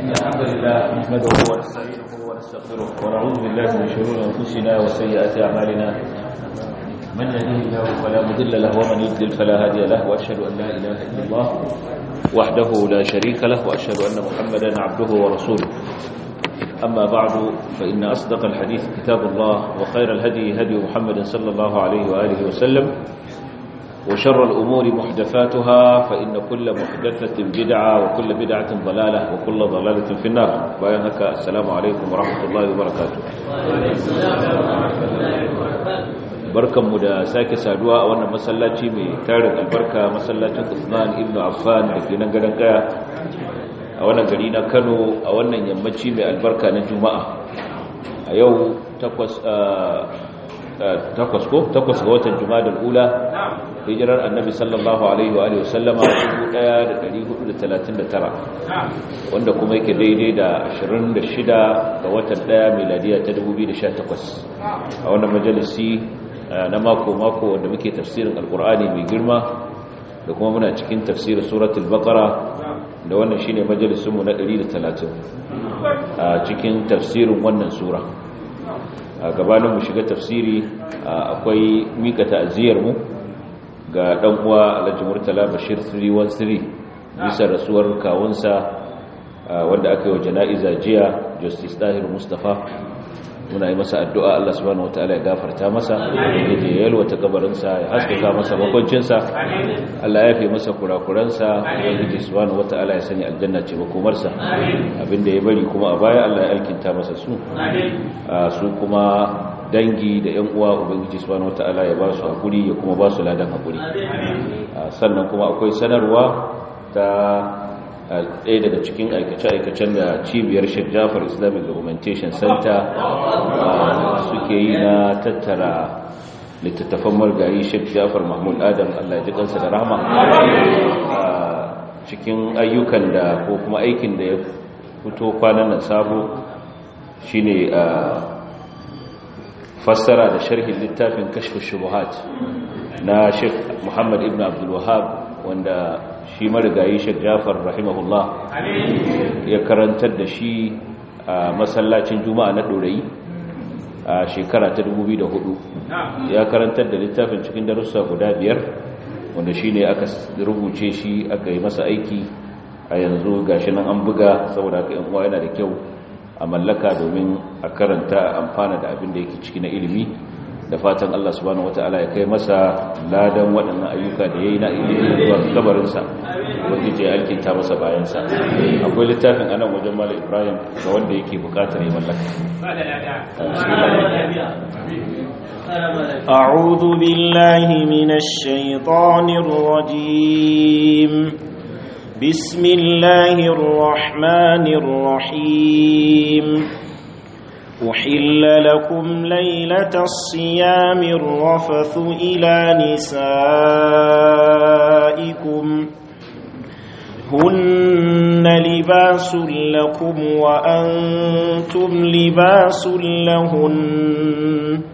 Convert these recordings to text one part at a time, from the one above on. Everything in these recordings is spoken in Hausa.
إن الحمد لله نحمده ونستعينه ونستغفره ونعوذ بالله من شرور أنفسنا وسيئات أعمالنا من يهده الله فلا مضل له ومن يضلل فلا هادي له وأشهد أن لا إله إلا الله وحده لا شريك له وأشهد أن محمدا عبده ورسوله أما بعد فإن أصدق الحديث كتاب الله وخير الهدي هدي محمد صلى الله عليه وآله وسلم وشر الأمور محدثاتها فإن كل محدثة بدعة وكل بدعة ضلالة وكل ضلالة في النار بيانك السلام عليكم ورحمة الله وبركاته barkan mu da sake saduwa a wannan masallaci mai tarin albarka masallacin Uthman ibn Affan da ke nan garin Kaya a wannan gari na Kano a wannan yammaci mai albarka na Juma'a a yau takwas takwas ko takwas ga watan jumadal ula hijirar annabi sallallahu alaihi wa sallama 1439 wanda kuma yake daidai da 26 ga watan 1 miladiya ta 2018 a wannan majalisi na mako-mako wanda muke tafsirin alkur'ani mai girma da kuma muna cikin tafsirin suratul baqara da wannan shine majalisinmu na 130 a cikin tafsirin wannan sura gabanin mu shiga tafsiri akwai mika ta'ziyar mu ga dan uwa Alhaji Murtala Bashir 313 bisa rasuwar kawunsa wanda aka yi wa jana'iza jiya Justice Tahir Mustafa muna yi masa addu'a Allah subhanahu ta'ala ya gafarta masa yake yalwata gabarinsa ya haskaka masa makoncinsa Allah ya fi masa kurakuransa ke subhanahu ta'ala ya sanya aljanna ce makomarsa abinda ya bari kuma a baya Allah ya alkinta masa su su kuma dangi da yan uwa ubangiji subhanahu ta'ala ya ba su hakuri ya kuma ba su ladan hakuri sannan kuma akwai sanarwa ta ɗaya daga cikin aikace-aikacen da cibiyar shek jafar islamic documentation center ah, suke yi na tattara littattafan margayi shek jafar mahmud adam allah ji da rahama ah, cikin ayyukan da ko kuma aikin da ya fito kwanan nan sabo shine ah, fassara da sharhin littafin kashfin shubuhat na shek muhammad ibn Abdulwahab wanda shi marigayi shek jafar rahimahullah ya karantar da shi a masallacin juma'a na ɗorayi a shekara ta 2004 ya karantar da littafin cikin darussa guda biyar wanda shi ne aka rubuce shi aka yi masa aiki a yanzu gashi nan an buga saboda haka yan yana da kyau a mallaka domin a karanta amfana da abin da yake ciki na ilimi da fatan Allah subhanahu wataala ya kai masa ladan waɗannan ayyuka da yayi na zuwa kabarinsa wanda ke alkinta masa bayansa akwai littafin anan wajen Malam Ibrahim ga wanda yake bukatar ya mallaka أعوذ بالله من الشيطان الرجيم بسم الله الرحمن أحل لكم ليلة الصيام الرفث إلى نسائكم هن لباس لكم وأنتم لباس لهن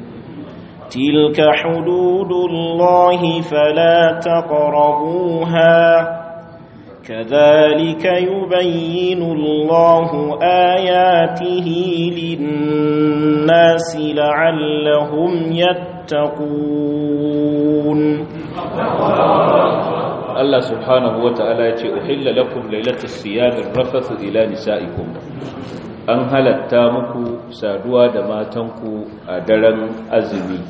تلك حدود الله فلا تقربوها كذلك يبين الله آياته للناس لعلهم يتقون الله سبحانه وتعالى أحل لكم ليلة الصيام الرفث إلى نسائكم أنهل التامك سادوا دماتنك أدلا أزمي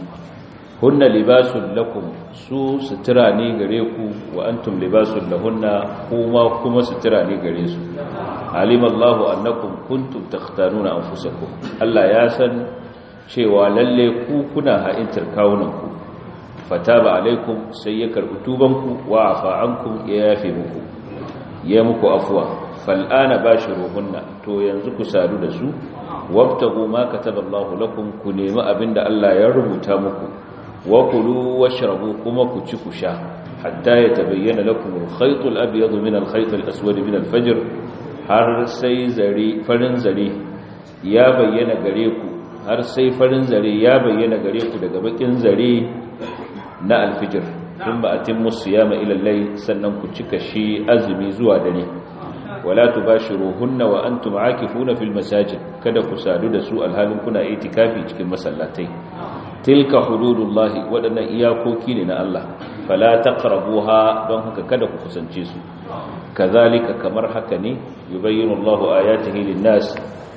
hunna libasun lakum su sutura ne gare ku wa antum libasun lahunna kuma kuma sutura ne gare su alimallahu annakum kuntum takhtanuna anfusakum Allah ya san cewa lalle ku kuna ha'intar kawunanku fataba alaikum sai ya karbi tubanku wa afa ankum ya yafe muku ya muku afuwa fal'ana bashiruhunna to yanzu ku sadu da su wabtagu ma kataballahu lakum ku nemi abinda Allah ya rubuta muku wa kulu kuma ku ci ku sha hatta ya lakum al abyad min al-khayt aswad min al-fajr har sai farin zare ya bayyana gare ku har sai farin zare ya bayyana gare ku daga bakin zare na al-fajr tun ba atimmu siyama ila al-layl sannan ku cika shi azumi zuwa dare wala tubashiruhunna wa antum aakifuna fil masajid kada ku sadu da su alhalin kuna itikafi cikin masallatai tilka hududullahi waɗannan iyakoki ne na Allah fala taqrabuha don haka kada ku kusance su kazalika kamar haka ne yubayyinu Allahu ayatihi lin-nas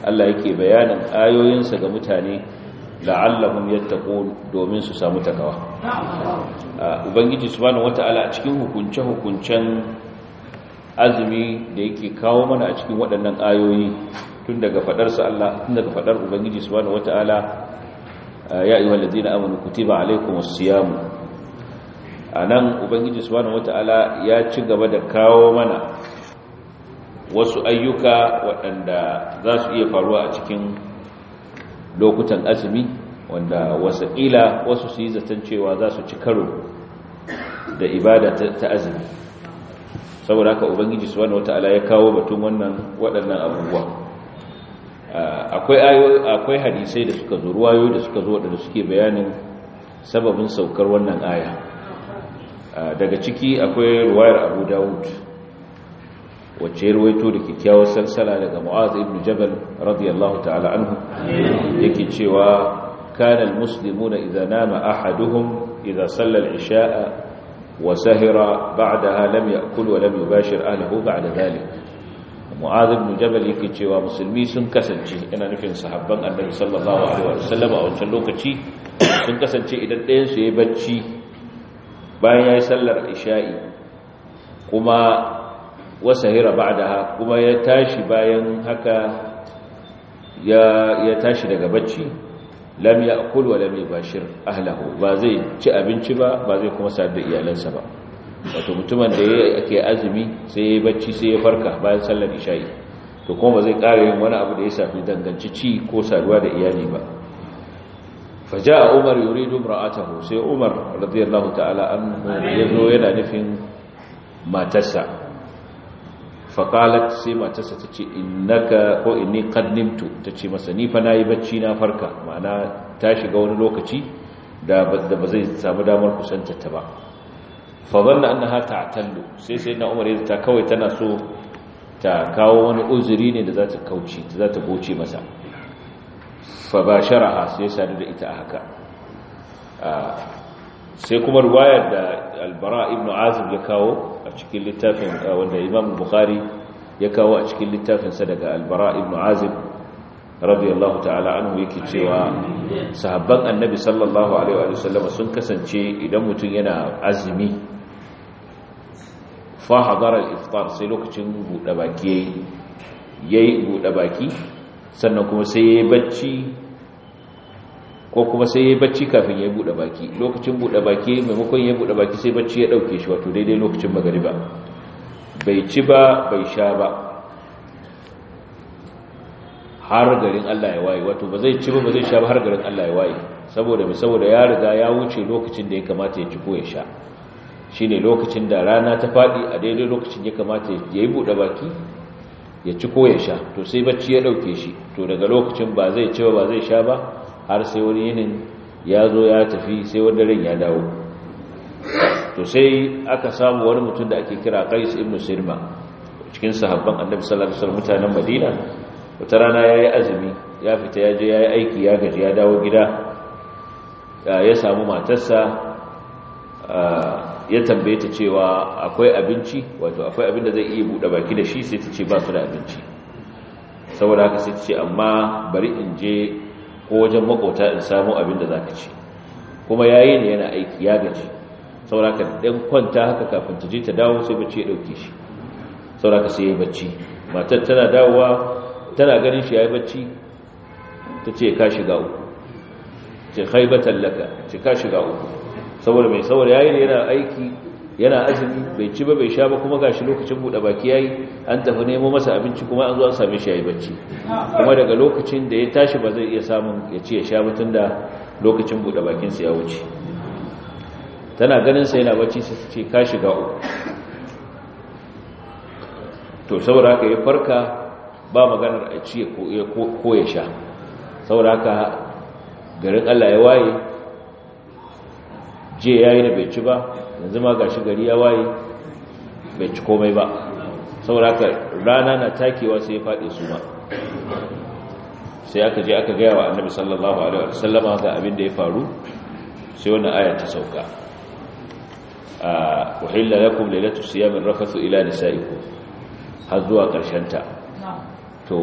Allah yake bayanin sa ga mutane la'allahum yattaqun domin su samu takawa ubangiji subhanahu wataala a cikin hukunce hukuncen azumi da yake kawo mana a cikin waɗannan ayoyi tun daga sa Allah tun daga fadar ubangiji subhanahu wataala ya ayyuhal ladina amanu kutiba alaykumus A anan ubangiji subhanahu wataala ya ci gaba da kawo mana wasu ayyuka waɗanda za su iya faruwa a cikin lokutan azumi wanda ƙila wasu su yi zaton cewa za su ci karo da ibada ta azumi saboda haka ubangiji subhanahu wataala ya kawo batun wannan waɗannan abubuwa akwai hadisai da suka zo ruwayoyi da suka zo waɗanda suke bayanin sababin saukar wannan aya daga ciki akwai ruwayar Abu Dawud wacce ruwaito da kyakkyawar salsala daga mu'azi ibn Jabal radiyallahu ta'ala anhu yake cewa kanal almuslimuna idza nama ahaduhum iza salla al-isha'a wa sahira ba'daha lam ya'kul wa lam yubashir ahlihi ba'da dhalik mu'az ibn jabal yake cewa musulmi sun kasance ina nufin sahabban annabi sallallahu alaihi wasallam a wancan lokaci sun kasance idan ɗayan su yayi bacci bayan yayi sallar isha'i kuma wasahira ba'daha kuma ya tashi bayan haka ya ya tashi daga bacci lam ya'kul wa lam yubashir ahlihi ba zai ci abinci ba ba zai kuma sadu iyalansa ba wato mutumin da ke azumi sai ya bacci sai ya farka bayan sallar isha'i to kuma zai ƙara yin wani abu da ya safi danganci ci ko saduwa da iyali ba faja a umar a ta sai umar radiyallahu ta'ala an ya zo yana nufin matarsa faƙalat sai matarsa tace innaka ko inni kan nimtu ce masa ni fa yi bacci na farka ma'ana ta shiga wani lokaci da ba zai samu damar kusantar ta ba fabanna an na ta'tallu sai sai na umar ta kawai tana so ta kawo wani uzuri ne da za ta kauce ta za ta goce masa fabasharaha sai sadu da ita a haka sai kuma ruwayar da albara ibn azib ya kawo a cikin littafin wanda imam bukhari ya kawo a cikin littafinsa daga albara ibn azib radiyallahu ta'ala anhu yake cewa sahabban annabi sallallahu alaihi wa sallam sun kasance idan mutum yana azumi fa hadara al-iftar sai lokacin buɗe baki yayi yayi buɗe baki sannan kuma sai yayi bacci ko kuma sai yayi bacci kafin yayi buɗe baki lokacin buɗe baki maimakon yayi buɗe baki sai bacci ya dauke shi wato daidai lokacin magariba bai ci ba bai sha ba har garin Allah ya waye wato ba zai ci ba ba zai sha ba har garin Allah ya waye saboda saboda ya riga ya wuce lokacin da ya kamata ya ci ko ya sha Shi ne lokacin da rana ta faɗi a daidai lokacin ya kamata ya yi buɗe baki ya ci ko ya sha to sai bacci ya ɗauke shi to daga lokacin ba zai ci ba zai sha ba har sai wani yinin ya zo ya tafi sai wani daren ya dawo to sai aka samu wani mutum da ake kira qais ibn sirma cikin sahabban annabi sallallahu mutanen madina wata rana ya yi azumi ya fita ya je ya yi aiki ya gaji ya dawo gida ya samu matarsa ah, ya tambaye ta cewa akwai abinci wato akwai abin da zai iya buɗe baki da shi sai ta ce ba su da abinci saboda haka sai ta ce amma bari in je ko wajen makota in samu abin da za ci kuma yayi ne yana aiki ya gaji saboda haka ɗan kwanta haka kafin ta je ta dawo sai bacci ya ɗauke shi saboda haka sai ya yi bacci matar tana dawowa tana ganin shi ya yi bacci ta ce ka shiga uku ce laka ce ka shiga uku saboda mai saboda yayi ne yana aiki yana azumi bai ci ba bai sha ba kuma gashi lokacin bude baki yayi an tafi nemo masa abinci kuma an zo an same shi yayi bacci kuma daga lokacin da ya tashi ba zai iya samun ya ci ya sha ba tunda lokacin bude bakin sa ya wuce tana ganin sa yana bacci sai ce ka shiga uku to saboda haka ya farka ba maganar a ci ko ya sha saboda haka garin Allah ya waye je yi da bai ci ba yanzu ma gashi gari ya waye bai ci komai ba saboda haka rana na takewa sai ya faɗi su ma sai aka je aka gaya wa annabi sallallahu alaihi sallama ga abin da ya faru sai wani aya ta sauka a uhilla lakum siyamin rafasu ila nisaikum har zuwa ƙarshen ta to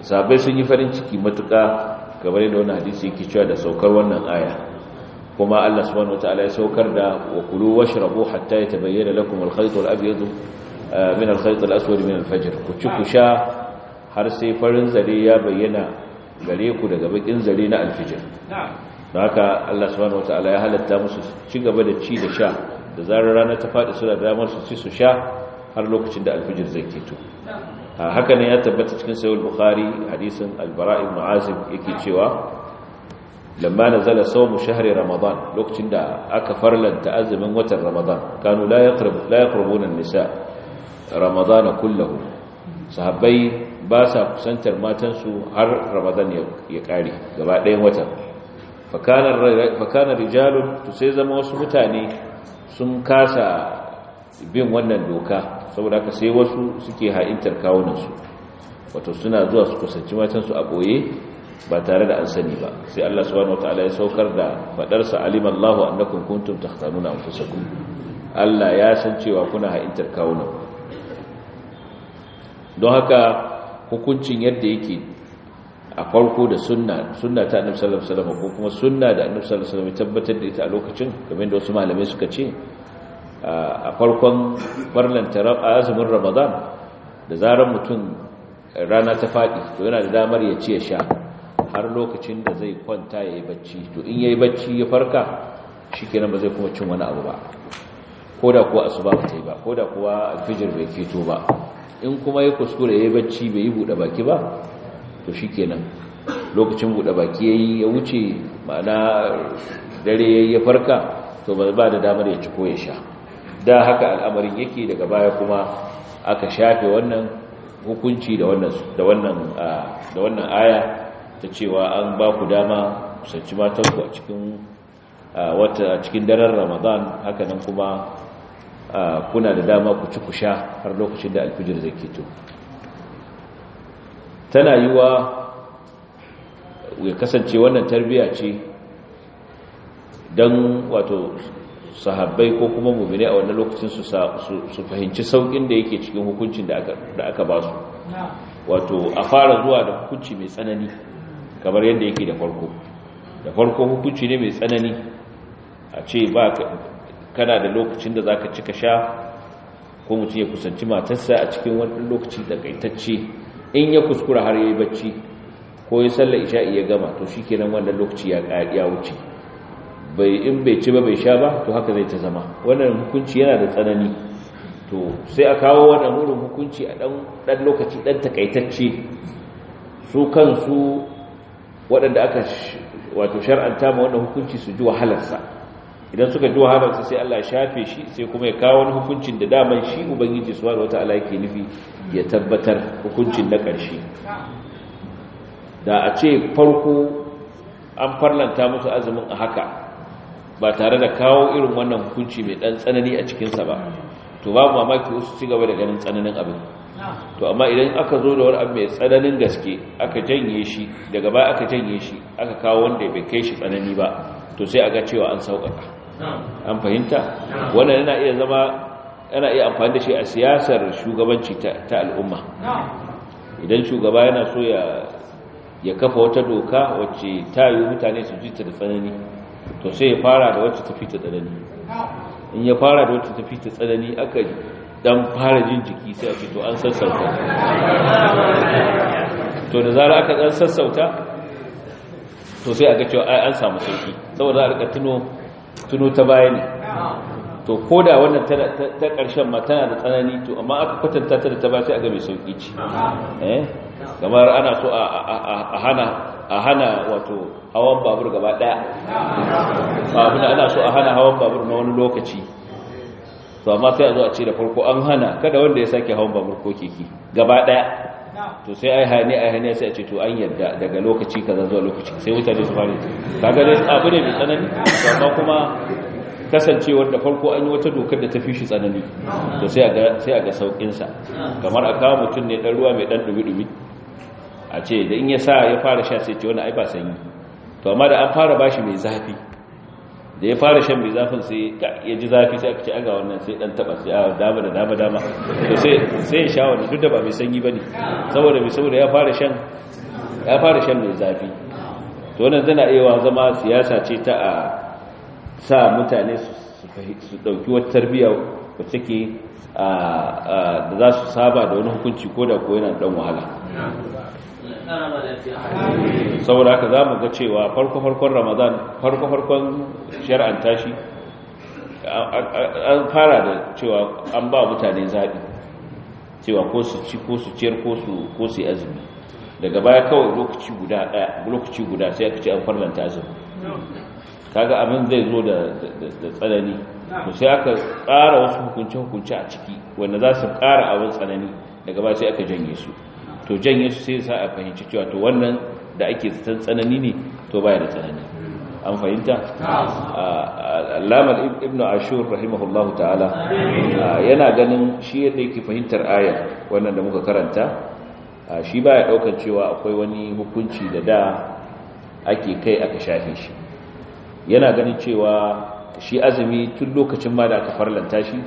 sabai sun yi farin ciki matuƙa gabar da wani hadisi ke cewa da saukar wannan aya kuma Allah subhanahu wataala ya saukar da wa kulu washrabu hatta yatabayyana lakum al-khayt al-abyad uh, min al-khayt al-aswad min al-fajr ku ci ku sha har sai farin zare ya bayyana gare ku daga bakin zare na al-fajr haka Allah subhanahu wataala ya halatta musu ci gaba da ci da sha da zarar rana ta faɗi suna da damar su ci su sha har lokacin da al-fajr zai keto uh, haka ne ya tabbata cikin sahih al-bukhari hadisin al-bara' ibn azib yake cewa lamma nazala sawmu shahri ramadan lokacin da aka farlanta azumin watan ramadan kanu la yaqrab la yaqrabuna an-nisa ramadan kullahu sahabbai ba sa kusantar matan su har ramadan ya kare gaba ɗayan watan fakana fakana rijalun to sai zama wasu mutane sun kasa bin wannan doka saboda haka sai wasu suke ha'intar kawunan su wato suna zuwa su kusanci matan su a boye ba tare da an sani ba sai Allah subhanahu wataala ya saukar da fadar sa alimallahu annakum kuntum takhtanuna anfusakum Allah ya san cewa kuna ha'intar kawuna. don haka hukuncin yadda yake a farko da sunna sunna ta annabi sallallahu alaihi wasallam ko kuma sunna da annabi sallallahu alaihi wasallam tabbatar da ita a lokacin kamar da wasu malamai suka ce a farkon barlanta azumin ramadan da zarar mutum rana ta faɗi to yana da damar ya ci ya sha har lokacin da zai kwanta ya yi bacci to in ya yi bacci ya farka shi kenan ba zai kuma cin wani abu ba ko da kuwa asuba ba ta yi ba ko da kuwa alfijir bai keto ba in kuma ya kuskure ya yi bacci bai yi buɗe baki ba to shi kenan lokacin buɗe baki ya yi ya wuce ma'ana dare ya yi farka to ba ba da damar ya ci ko ya sha da haka al'amarin yake daga baya kuma aka shafe wannan hukunci da wannan ah, aya ta cewa an ba ku dama kusanci matanku a cikin wata cikin daren ramadan hakanan kuma kuna da dama ku ci ku sha har lokacin da alfijir zai keto tana yi wa ya kasance wannan tarbiya ce don wato sahabbai ko kuma mummine a wannan lokacin su fahimci saukin da yake cikin hukuncin da aka ba su wato a fara zuwa da hukunci mai tsanani kamar yadda yake da farko da farko hukunci ne mai tsanani a ce ba kana da lokacin da zaka cika sha ko mutum ya kusanci matarsa a cikin wani lokaci da kaitacce in ya kuskura har yayi bacci ko ya sallar isha'i ya gama to shikenan wannan lokaci ya ya wuce bai in bai ci ba bai sha ba to haka zai ta zama wannan hukunci yana da tsanani to sai a kawo wannan hukunci a dan dan lokaci dan takaitacce su kansu waɗanda aka wato shar'anta ma wannan hukunci su ji wahalarsa idan suka ji wahalarsa sai Allah ya shafe shi sai kuma ya kawo wani hukuncin da daman shi ubangiji wata ala yake nufi ya tabbatar hukuncin na ƙarshe da a ce farko an farlanta musu azumin a haka ba tare da kawo irin wannan hukunci mai ɗan tsanani a cikinsa ba to babu mamaki wasu ci gaba da ganin tsananin abin to amma idan aka zo da wani abu mai tsananin gaske aka janye shi daga baya aka janye shi aka kawo wanda bai kai shi tsanani ba to sai ga cewa an sauƙaƙa an fahimta wannan yana iya zama yana iya amfani da shi a siyasar shugabanci ta al'umma idan shugaba yana so ya kafa wata doka wacce ta yi mutane su ji ta da tsanani to sai ya fara da wacce ta ta tsanani in ya fara da wacce ta ta tsanani aka dan fara jin jiki sai a ce to an sassauta to da zara aka dan sassauta to sai a ga cewa an samu sauki saboda za a rika tuno tuno ta baya ne to ko da wannan ta ƙarshen ma tana da tsanani to amma aka kwatanta ta da ta baya sai a ga mai sauki ce eh kamar ana so a hana a hana wato hawan babur gaba daya abin ana so a hana hawan babur na wani lokaci to amma sai a zo a ce da farko an hana kada wanda ya sake hawan babur ko keke gaba daya to sai ai hani ai hani sai a ce to an yadda daga lokaci kaza zuwa lokaci sai mutane su fara kaga dai abu ne mai tsanani to amma kuma kasancewar da farko an yi wata dokar da ta fi shi tsanani to sai a ga sai a ga saukin sa kamar a kawo mutum ne dan ruwa mai dan dubi dubi a ce da in ya sa ya fara sha sai ce wani ai ba sanyi to amma da an fara bashi mai zafi da ya fara shan mai zafin sai ya ji zafi sai aka ce aga wannan sai dan taba sai dama da dama dama to sai sai ya sha wannan duk da ba mai sanyi bane saboda mai saboda ya fara shan ya fara shan mai zafi to wannan tana iya zama siyasa ce ta a sa mutane su dauki wata tarbiyya wacce ke da za su saba da wani hukunci ko da ko yana dan wahala saboda haka za mu ga cewa farko-farkon ramadan farko-farkon shari'an shi an fara da cewa an ba mutane zaɓi cewa ko su ci ko su ciyar ko su azumi daga baya kawai lokaci guda ɗaya lokaci guda sai aka ce an farlanta azumi kaga abin zai zo da tsanani to sai aka ƙara wasu hukunce-hukunce a ciki wanda za su ƙara abin tsanani daga baya sai aka janye su to janye su sai sa a fahimci cewa to wannan da ake tsanani ne to baya da tsanani an fahimta alamar ibn ashur rahimahullahu ta'ala yana ganin shi yadda yake fahimtar Aya wannan da muka karanta shi baya daukar cewa akwai wani hukunci da da ake kai aka shafe shi yana ganin cewa shi azumi tun lokacin ma da aka farlanta shi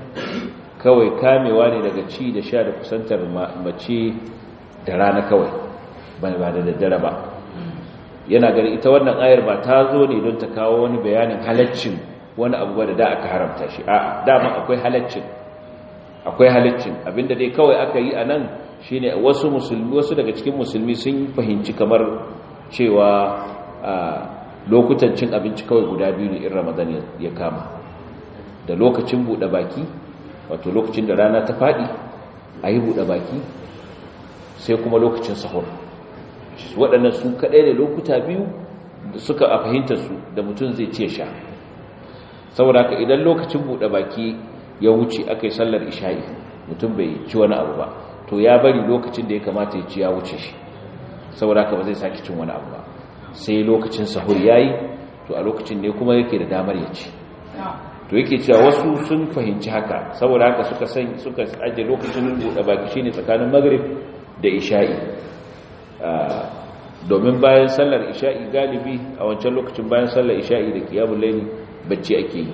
kawai kamewa ne daga ci da sha da kusantar mace da rana kawai ba da daddare ba yana gari ita wannan ayar ba ta zo ne don ta kawo wani bayanin halaccin wani abubuwa da da aka haramta shi a dama akwai halaccin akwai halaccin abinda dai kawai aka yi a nan shine wasu musulmi wasu daga cikin musulmi sun fahimci kamar cewa lokutan cin abinci kawai guda biyu ne in ramadan ya kama da lokacin buɗe baki wato lokacin da rana ta faɗi a yi buɗe baki sai kuma lokacin sahur waɗannan su kaɗai da lokuta biyu da suka a fahimtar su da mutum zai ce sha saboda ka idan lokacin buɗe baki ya wuce aka yi sallar isha'i mutum bai ci wani abu ba to ya bari lokacin da ya kamata ya ci ya wuce shi saboda ka ba zai sake cin wani abu ba sai lokacin sahur yi to a lokacin ne kuma yake da damar ya ci to yake cewa wasu sun fahimci haka saboda haka suka san suka ajiye lokacin buɗe baki shine tsakanin magrib da isha'i ah, domin bayan sallar isha'i galibi a wancan lokacin bayan sallar isha'i da kiyamun laili bacci ake yi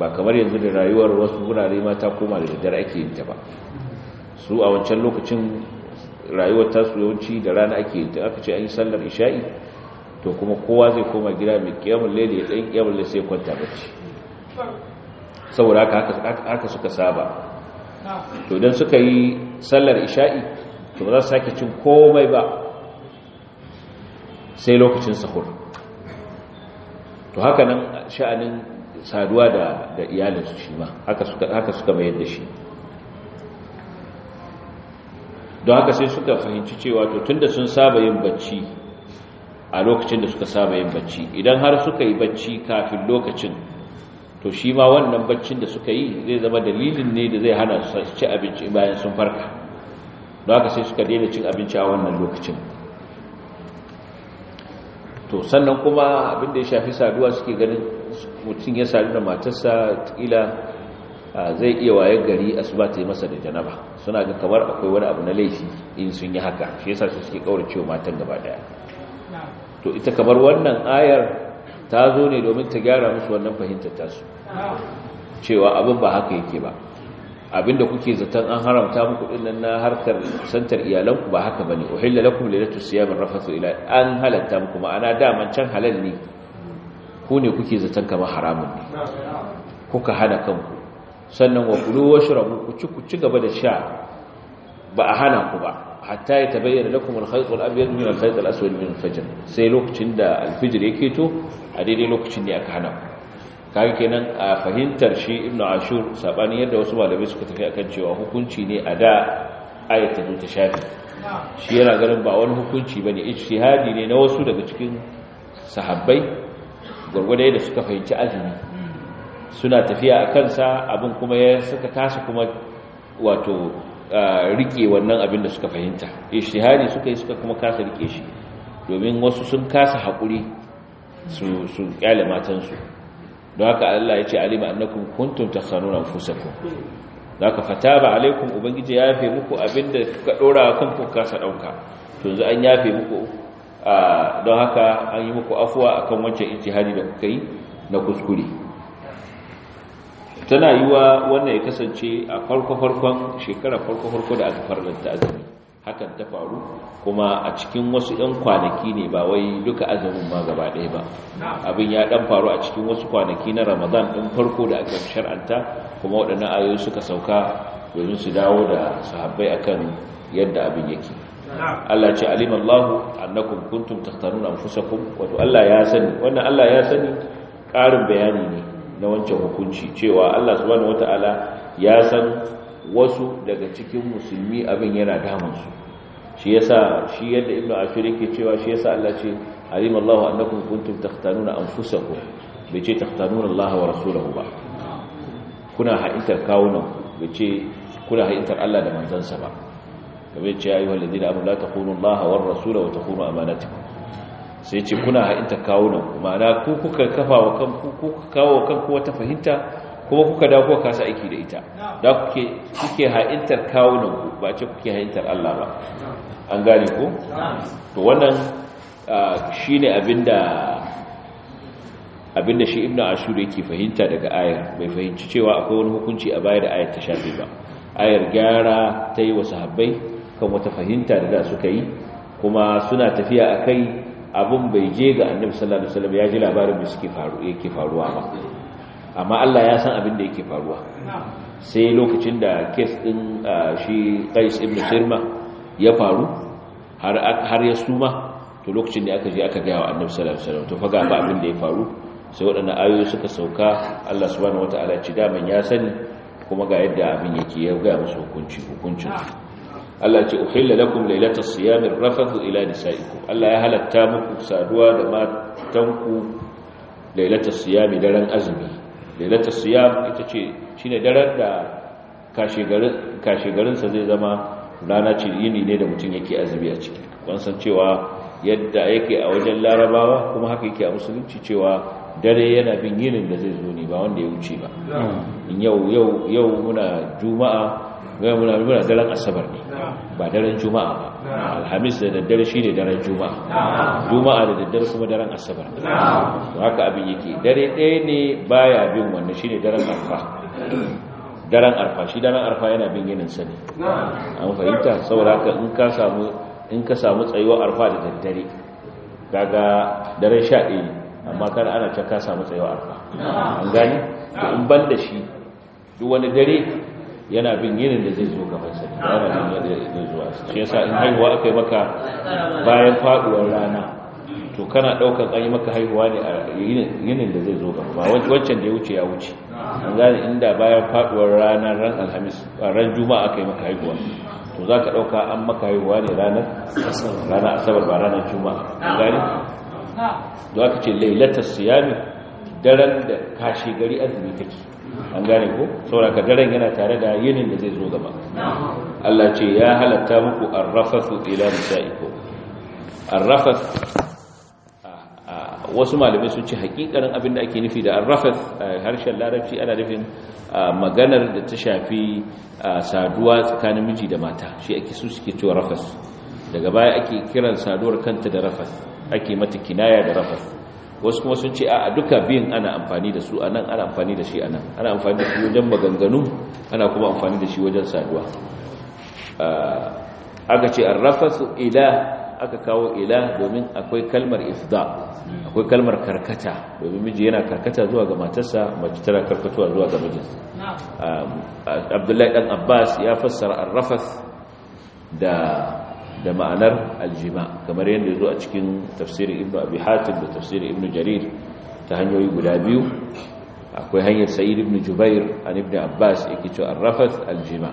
ba kamar yanzu da rayuwar wasu wurare mata koma da daddare ake yin ta ba su a wancan lokacin rayuwar tasu yawanci da rana ake yin ta aka ce an yi sallar isha'i to kuma kowa zai koma gida mai kiyamun laili ya ɗan kiyamun laili sai kwanta bacci saboda haka suka saba to idan suka yi sallar isha'i to ba za su sake cin komai ba sai lokacin sahur to haka nan sha'anin saduwa da da iyalinsu shi ma haka suka haka suka mayar da shi don haka sai suka fahimci cewa to tunda sun saba yin bacci a lokacin da suka saba yin bacci idan har suka yi bacci kafin lokacin to shi ma wannan baccin da suka yi zai zama dalilin ne da zai hana su ci abinci bayan sun farka da haka sai suka daina cin abinci a wannan lokacin to sannan kuma abin da ya shafi saduwa suke ganin mutum ya sadu da matarsa kila zai iya waye gari asuba ta yi masa da janaba suna ga kamar akwai wani abu na laifi in sun yi haka shi yasa su suke kaura cewa matan gaba daya to ita kamar wannan ayar ta zo ne domin ta gyara musu wannan fahimtar tasu cewa abin ba haka yake ba abinda kuke zaton an haramta muku nan na harkar santar iyalanku ba haka bane uhilla lakum lailatus siyamir rafathu ila an halatta muku ma'ana daman can halal ne ku ne kuke zaton kamar haramun ne kuka hana kanku sannan wa kulu washrabu ku ci ku ci gaba da sha ba a hana ku ba hatta ya tabayyana lakum al-khayt al-abyad min al-khayt aswad min al-fajr sai lokacin da al-fajr yake to a daidai lokacin ne aka hana ku kaga kenan a fahimtar shi ibnu ashur sabani yadda wasu malamai suka tafi akan cewa hukunci ne a da ayata ta shafi shi yana ganin ba wani hukunci bane ijtihadi ne na wasu daga cikin sahabbai gurgurda da suka fahimci azumi suna tafiya akan kansa abin kuma ya suka kasa kuma wato rike wannan abin da suka fahimta ijtihadi suka yi suka kuma kasa rike shi domin wasu sun kasa hakuri su su kyale matansu don haka Allah ya ce alima annakum kuntum tasanuna anfusakum zaka fataba alaikum ubangiji ya yafe muku abinda kuka dora kanku kasa dauka to yanzu an yafe muku don haka an yi muku afuwa akan wancan ijtihadi da kuka yi na kuskure tana yiwa wannan ya kasance a farko-farkon shekara farko-farko da aka farlanta azumi hakan ta faru kuma a cikin wasu ɗan kwanaki ne ba wai duka azumin ma gaba ɗaya ba abin ya ɗan faru a cikin wasu kwanaki na ramadan ɗin farko da aka shar'anta kuma waɗannan ayoyi suka sauka domin su dawo da sahabbai akan yadda abin yake Allah ce Allah annakum kuntum takhtaruna anfusakum wato Allah ya sani wannan Allah ya sani ƙarin bayani ne na wancan hukunci cewa Allah subhanahu wataala ya san wasu daga cikin musulmi abin yana damansu. shi yasa shi yadda ibnu ashur yake cewa shi yasa Allah ce alim Allah annakum kuntum takhtanuna anfusakum bai ce takhtanuna Allah wa rasulahu ba kuna ha'intar kawunan bai ce kuna ha'intar Allah da manzansa ba kamar ce ayyuhal ladina amanu la taqulu Allah war rasula wa taqulu amanatikum sai ce kuna ha'intar kawunan ma'ana ku kuka kafa wa kanku ku kawo kanku wata fahimta kuma kuka da kuka kasa aiki da ita da kuke kuke ha'intar kawunan ku ba ce kuke ha'intar Allah ba an gane ku to wannan shine abinda abinda shi ibnu ashur yake fahimta daga ayar bai fahimci cewa akwai wani hukunci a baya da ayar ta shafi ba ayar gyara ta yi wa sahabbai kan wata fahimta da za suka yi kuma suna tafiya akai abun bai je ga annabi sallallahu alaihi wasallam ya ji labarin da suke faru yake faruwa ba amma Allah ya san abin da yake faruwa sai lokacin da kes din shi Qais ibn Sirma ya faru har har ya suma to lokacin da aka je aka ga wa Annabi sallallahu alaihi wasallam to fa ba abin da ya faru sai waɗannan ayoyi suka sauka Allah subhanahu wataala ci daman ya sani kuma ga yadda abin yake ya ga musu hukunci hukuncin Allah ce uhilla lakum lailatas siyamir rafathu ila nisaikum Allah ya halatta muku saduwa da matanku lailata siyami daren azumi lailatul siyam ita ce shine daren da kashegarinsa zai zama rana ce yini ne da mutum yake azumi a ciki kun san cewa yadda yake a wajen larabawa kuma haka yake a musulunci cewa dare yana bin yinin da zai zo ne ba wanda ya wuce ba hmm. in yau yau yau muna juma'a gaya muna muna daren asabar ne ba daren juma'a ba alhamis da daddare shi ne daren juma'a juma'a da daddare kuma daren asabar ba haka abin yake dare ɗaya ne baya bin wannan shi ne daren arfa daren arfa shi daren arfa yana bin yinin sani an fahimta saboda haka in ka samu in ka samu tsayuwar arfa da daddare daga daren sha ɗaya amma kana ana can ka samu tsayuwar arfa an gani in ban da shi duk wani dare yana bin yinin da zai zo gaban sa yana bin yinin da zai zo shi yasa in haihuwa aka yi maka bayan faduwar rana to kana daukan an yi maka haihuwa ne a yinin da zai zo gaba wancan da ya wuce ya wuce an gane inda bayan faduwar ranar ran alhamis ran juma'a aka yi maka haihuwa to za ka dauka an maka haihuwa ne ranar ranar asabar ba ranar juma'a gane da aka ce lailatar siyami daren da kashi gari azumi kake an gane ko sauraka daren yana tare da yinin da zai zo gaba Allah ce ya halatta muku arrafasu ila nisa'iku arrafas wasu malamai sun ce hakikarin abin da ake nufi da arrafas harshen larabci ana nufin maganar da ta shafi saduwa tsakanin miji da mata shi ake su suke cewa rafas daga baya ake kiran saduwar kanta da rafas ake mata kinaya da rafas wasu kuma sun ce a duka biyun ana amfani da su a nan ana amfani da shi a nan ana amfani da shi wajen maganganu ana kuma amfani da shi wajen saduwa aka ce su ila aka kawo ila domin akwai kalmar ifda akwai kalmar karkata domin miji yana karkata zuwa ga matarsa mace tana karkatuwa zuwa ga miji um, abdullahi dan abbas ya fassara arrafas da da ma'anar aljima kamar yadda zo a cikin tafsirin ibnu abi hatim da tafsirin ibnu jarir ta hanyoyi guda biyu akwai hanyar sa'id ibn jubair an ibn abbas yake cewa arrafat aljima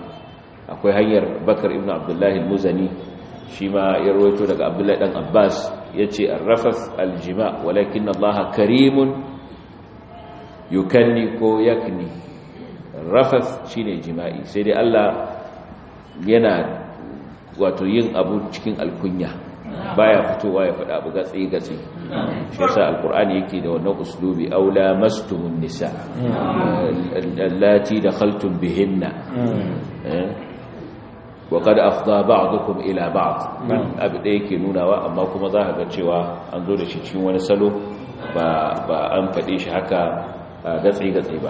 akwai hanyar bakar ibn abdullahi al shima shi ma ya rawaito daga abdullahi dan abbas yace arrafat aljima walakin allaha karimun yukanni ko yakni rafas shine jima'i sai dai Allah yana wato yin abu cikin alkunya baya fitowa ya faɗa abu gatsi gatsi shi yasa alqur'ani yake da wannan uslubi aw lamastumun nisa allati dakhaltum bihinna eh? wa qad afda ba'dukum ila ba'd abu da yake nunawa amma kuma za ka ga cewa an zo da shi cikin wani salo ba ba an faɗe shi haka gatsi gatsi ba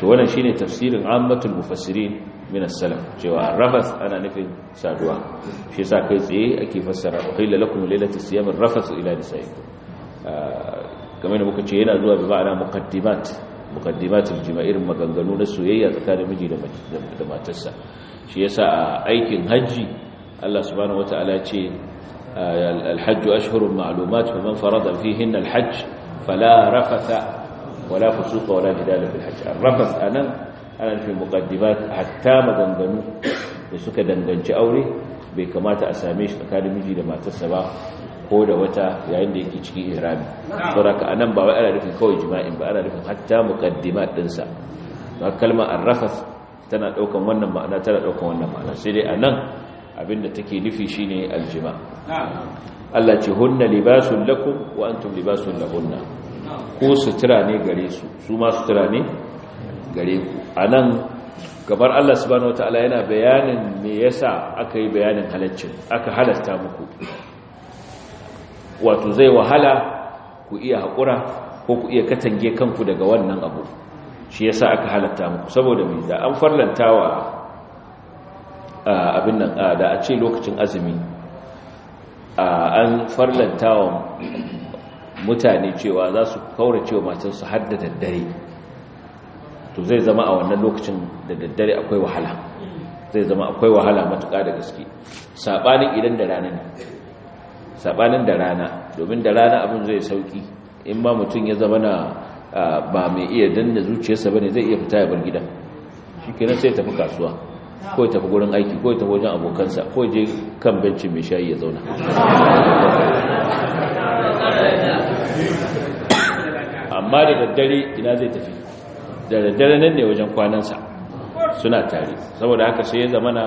to wannan shine tafsirin ammatul mufassirin min as-salaf cewa rafath ana nufin saduwa shi yasa kai tsaye ake fassara uhilla lakum lailatu siyam rafath ila nisaikum ah, kamar da muka ce yana zuwa bi ma'ana muqaddimat muqaddimat jimair maganganu na soyayya tsakanin miji da matarsa shi yasa a aikin haji Allah subhanahu wataala ce الحج أشهر معلومات فمن فرض فيهن الحج فلا رفث ولا فسوق ولا جدال في الحج الرفث أنا ana nufin muqaddimat hatta maganganu da suka danganci aure bai kamata a same shi tsakanin miji da matarsa ba ko da wata yayin da yake cikin ihrami saboda anan ba wai ana nufin kawai jima'in ba ana nufin hatta muqaddimat dinsa Ba kalmar arrafas tana daukan wannan ma'ana tana daukan wannan ma'ana sai dai anan abinda take nufi shine aljima Allah ce hunna libasun lakum wa antum libasun lahunna ko sutura ne gare su su ma sutura ne gare ku nan kamar Allah subhanahu ala yana bayanin me yasa aka yi bayanin halaccin aka halasta muku wato zai wahala ku iya haƙura ko ku iya katange kanku daga wannan abu shi yasa aka halatta muku saboda mai da an farlantawa abin nan da a ce lokacin azumi an wa mutane cewa za su kaurace wa matansu har da daddare to zai zama a wannan lokacin da daddare akwai wahala zai zama akwai wahala matuƙa da gaske saɓanin idan da rana ne saɓanin da rana domin da rana abin zai sauƙi in ma mutum ya zama na ba mai iya danna zuciyarsa ba ne zai iya fita ya bar gida shi kenan sai tafi kasuwa ko ya tafi gurin aiki ko ya tafi wajen abokansa ko je kan benci mai shayi ya zauna amma da daddare ina zai tafi da daddare nan ne wajen kwanansa suna tare saboda haka sai ya zamana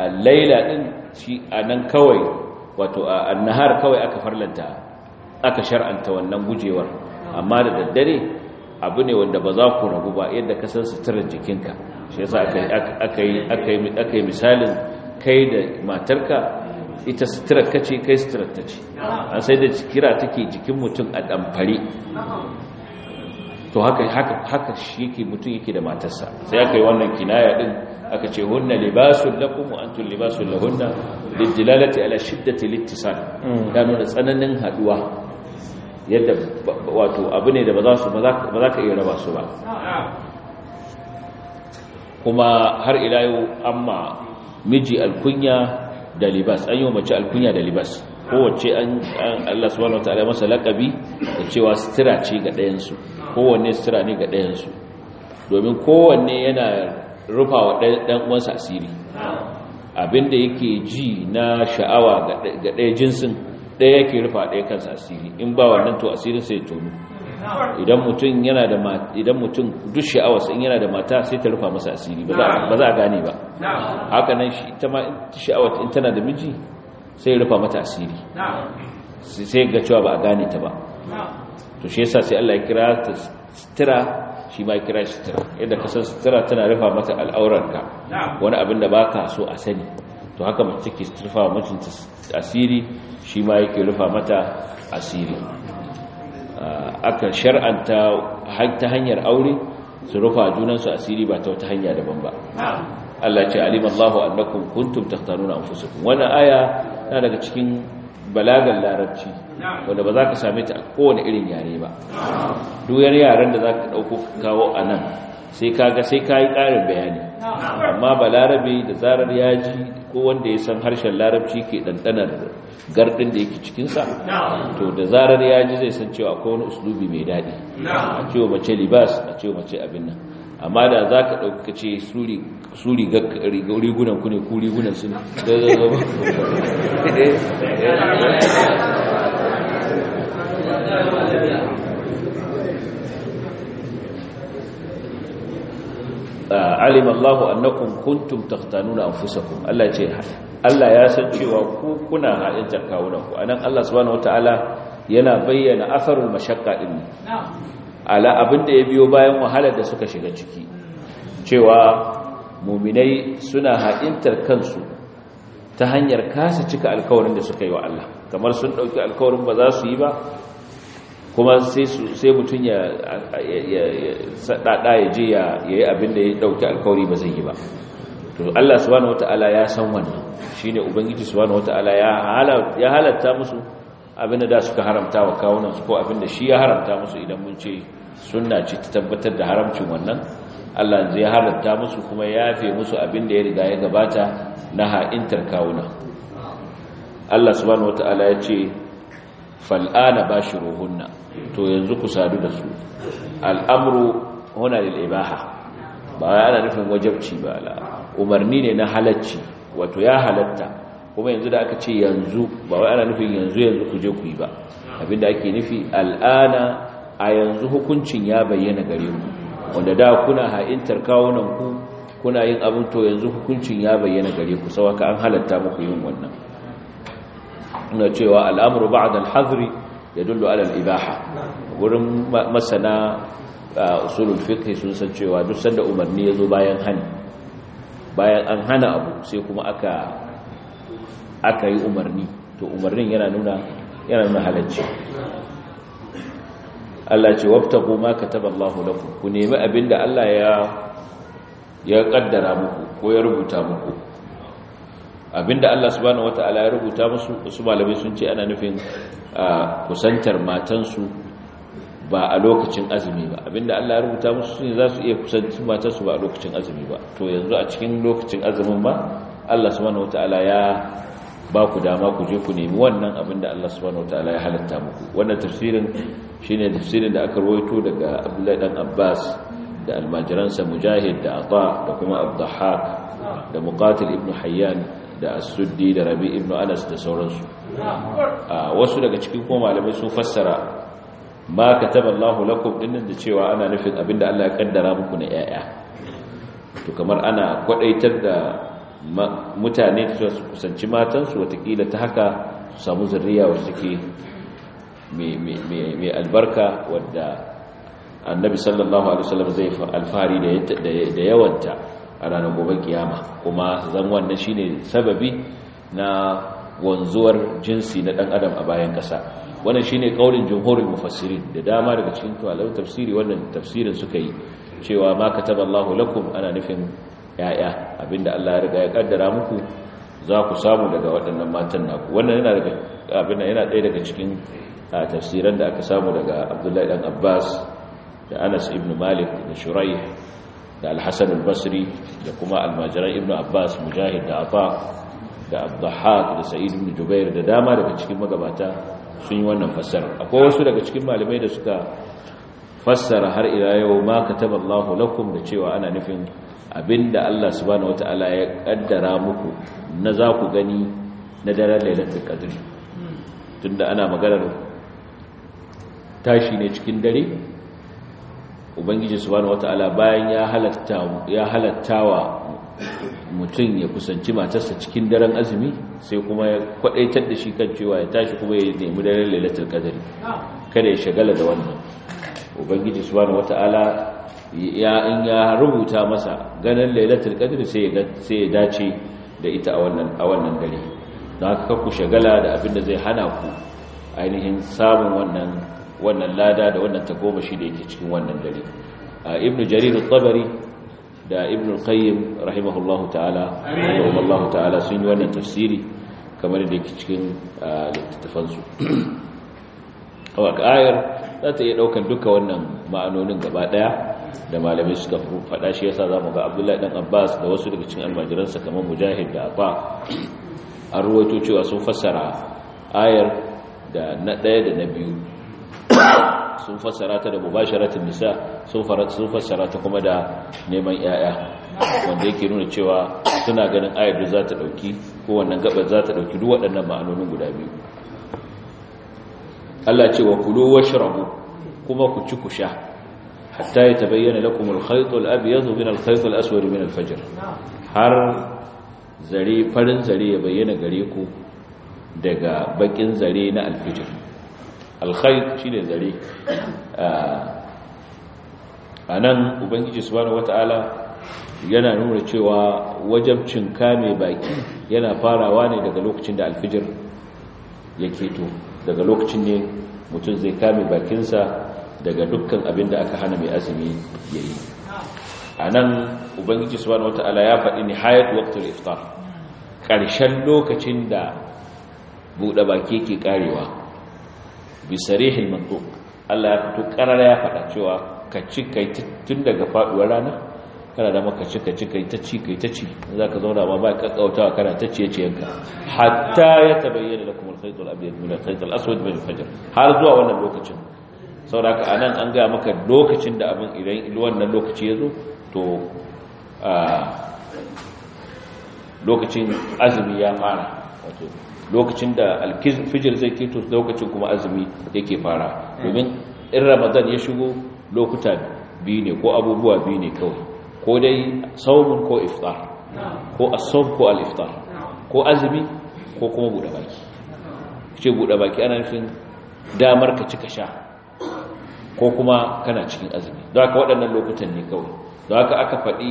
a laila din shi a nan kawai wato a annahar kawai aka farlanta aka shar'anta wannan gujewar amma da daddare abu ne wanda ba za ku rabu ba yadda ka san suturar jikinka shi yasa aka yi misalin kai da matarka ita suturar kace kai suturar ta ce an sai da kira take jikin mutum a ɗamfare to haka haka haka yake mutum yake da matarsa sai aka yi wannan kinaya din aka ce hunna libasul lakum wa antum libasul lahunna lidilalati ala shiddati littisal da mm. nuna tsananin haduwa yadda wato abu ne da ba za su ba za ka iya raba su ba kuma har ila yau amma miji alkunya da libas an yi mace alkunya da libas kowace an Allah subhanahu wataala masa lakabi da cewa sutura ce ga ɗayansu kowanne sutura ne ga ɗayansu domin kowanne yana rufa wa ɗan uwansa asiri abinda yake ji na sha'awa ga ɗaya jinsin ɗaya yake rufa ɗaya kansa asiri in ba wannan to asirin sai tono idan mutum yana da duk sha'awa sai yana da mata sai ta rufa masa asiri ba za a gane ba hakanan nan shi ita ma sha'awa in tana da miji sai rufa mata asiri sai ga cewa ba a gane ta ba to shi yasa sai Allah ya kira ta sutura shi ma ya kira sutura yadda ka sutura tana rufa mata al'aurarka wani abin da baka so a sani to haka mace take rufa mijinta asiri shi ma yake rufa mata asiri ah, akan shar'anta ta hanyar aure su rufa junansu asiri ba ta wata hanya daban ba Allah ce alimallahu annakum kuntum takhtaruna anfusakum wannan aya na daga cikin balagan larabci wanda ba za ka same ta a kowane irin yare ba duyar yaren da za ka ɗauko kawo a nan sai ka ga sai ka yi ƙarin bayani amma balarabe da zarar yaji ji ko wanda ya san harshen larabci ke ɗanɗanar gardin da yake cikinsa to da zarar yaji zai san cewa akwai wani uslubi mai daɗi a cewa mace libas a cewa mace abin nan amma da za ka ɗauka ce su rigunan ku ne ku rigunan su ne eh, eh. ah, alim Allah annakum kuntum anfusakum Allah ce Allah ya san cewa ku kuna haɗin kawunan ku anan Allah subhanahu wataala yana bayyana asarul mashaqqa din ala da ya biyo bayan wahalar da suka shiga ciki cewa muminai suna haƙintar kansu ta hanyar kasa cika alkawarin da suka yi wa Allah kamar sun ɗauki alkawarin ba za su yi ba kuma sai mutum ya saɗaɗa ya je ya yi abin da ya ɗauki alkawari ba zai yi ba to Allah subhanahu wata'ala ya san wannan shine ubangiji subhanahu wata'ala ya halatta musu abin da suka haramta wa kawunan su ko abin da shi ya haramta musu idan mun ce sunna ce ta tabbatar da haramcin wannan Allah ya halatta musu kuma yafe musu abin da ya riga ya gabata na ha'intar kawuna Allah subhanahu wataala ya ce fal'ana bashiruhunna to yanzu ku sadu da su al'amru huna lil ibaha ba ana nufin wajabci ba umarni ne na halacci wato ya halatta kuma yanzu da aka ce yanzu ba wai ana nufin yanzu yanzu ku je ku yi ba abinda ake nufi al'ana a yanzu hukuncin ya bayyana gare ku wanda da kuna ha'intar kawunan ku kuna yin abin to yanzu hukuncin ya bayyana gare ku sau ka an halatta muku yin wannan ina cewa al'amru ba'da al-hazri yadullu ala al-ibaha gurin masana usulul fiqh sun san cewa duk sanda umarni yazo bayan hani bayan an hana abu sai kuma aka aka yi umarni to umarnin yana nuna yana halacci Allah ce wabtagu ma kataba Allahu lakum ku nemi abinda Allah ya ya kaddara muku ko ya rubuta muku abinda Allah subhanahu wataala ya rubuta musu su malamai sun ce ana nufin kusantar matansu ba a lokacin azumi ba abinda Allah ya rubuta musu ne za su iya kusantar matansu ba a lokacin azumi ba to yanzu a cikin lokacin azumin ba Allah subhanahu wataala ya ba ku dama ku je ku nemi wannan abin da Allah subhanahu wataala ya halatta muku wannan tafsirin shine tafsirin da aka rawaito daga Abdullahi dan Abbas da almajiransa Mujahid da Ata da kuma Abdahhak da Muqatil ibn Hayyan da As-Suddi da Rabi ibn Anas da sauransu wasu daga cikin kuma malamai sun fassara ma kataba Allahu lakum dinnan da cewa ana nufin abinda Allah ya kaddara muku na yaya to kamar ana kwadaitar da mutane su kusanci matansu watakila ta haka su samu zurriya wasu suke mai albarka wadda annabi sallallahu alaihi wasallam zai alfari da yawanta a ranar gobe kiyama kuma zan wannan shine sababi na wanzuwar jinsi na dan adam a bayan kasa wannan shine kaulin jumhurin mufassirin da dama daga cikin tuwalau tafsiri wannan tafsirin suka yi cewa ma kataballahu lakum ana nufin ya'ya abinda Allah ya riga ya kaddara muku za ku samu daga waɗannan matan naku wannan yana daga abin yana ɗaya daga cikin tafsiran da aka samu daga Abdullahi dan Abbas da Anas ibn Malik da Shuraih da Al-Hasan al-Basri da kuma almajiran ibn Abbas Mujahid da Afa da Abdahak da Sa'id ibn Jubair da dama daga cikin magabata sun yi wannan fassara akwai wasu daga cikin malamai da suka fassara har ila yau ma kataballahu lakum da cewa ana nufin abinda Allah subhanahu wataala ya kaddara muku na za ku gani na daren lailatul qadr tunda ana maganar tashi ne cikin dare ubangiji subhanahu wataala bayan ya halatta ya halattawa mutum ya kusanci matarsa cikin daren azumi sai kuma ya kwadaitar da shi kan cewa ya tashi kuma ya nemi daren lailatul qadr kada ya shagala da wannan ubangiji subhanahu wataala ya in ya rubuta masa ganin lailatul qadr sai ya sai ya dace da ita a wannan a wannan dare don haka ku shagala da abin da zai hana ku ainihin samun wannan wannan lada da wannan tagomashi da yake cikin wannan dare ibnu jarir at-tabari da ibnu al-qayyim rahimahullahu ta'ala rahimahullahu ta'ala sun yi wannan tafsiri kamar da yake cikin littattafansu a ayar za ta iya ɗaukar duka wannan ma'anonin gaba daya. da malamai suka faɗa shi yasa zamu ga Abdullahi dan Abbas da wasu daga cikin almajiransa kamar Mujahid da Abba an ruwaito cewa sun fassara ayar da na ɗaya da na biyu sun fassara ta da mubasharatin nisa sun fassara ta kuma da neman yaya wanda yake nuna cewa suna ganin ayar da za ta ɗauki ko wannan gabar za ta ɗauki duk waɗannan ma'anonin guda biyu Allah ce wa kulu washrabu kuma ku ci ku sha hatta yatabayyana lakum al-khayt al-abyad min al-khayt al-aswad min al-fajr har zare farin zare ya bayyana gare ku daga bakin zare na al-fajr al-khayt shine zare anan ubangiji subhanahu wataala yana nuna cewa wajabcin mai baki yana farawa ne daga lokacin da alfijir ya keto daga lokacin ne mutum zai kame bakinsa daga dukkan abin da aka hana mai azumi ya yi a nan ubangiji na wata'ala ya faɗi ni hayat waktul iftar ƙarshen lokacin da buɗe baki ke ƙarewa rihin mantuk allah ya fito ƙarar ya faɗa cewa ka ci kai tun daga faɗuwar rana kana da maka ci ka ci kai ta ci kai ta ci za ka zauna ma ba ka kautawa kana ta ci yanka. hatta ya tabayyana lakum al-khayt al-abyad min al-khayt al-aswad min al-fajr har zuwa wannan lokacin saboda a nan an ga maka lokacin da abin idan wannan lokaci ya zo to lokacin azumi ya fara wato lokacin da fijir zai keto lokacin kuma azumi yake fara domin in ramadan ya shigo lokuta biyu ne ko abubuwa biyu ne kawai ko dai saumun ko iftar ko asawm ko al ko azumi ko kuma buɗe baki ce buɗe baki ana nufin damar ka cika sha ko kuma kana cikin azumi don haka waɗannan lokutan ne kawai don haka aka faɗi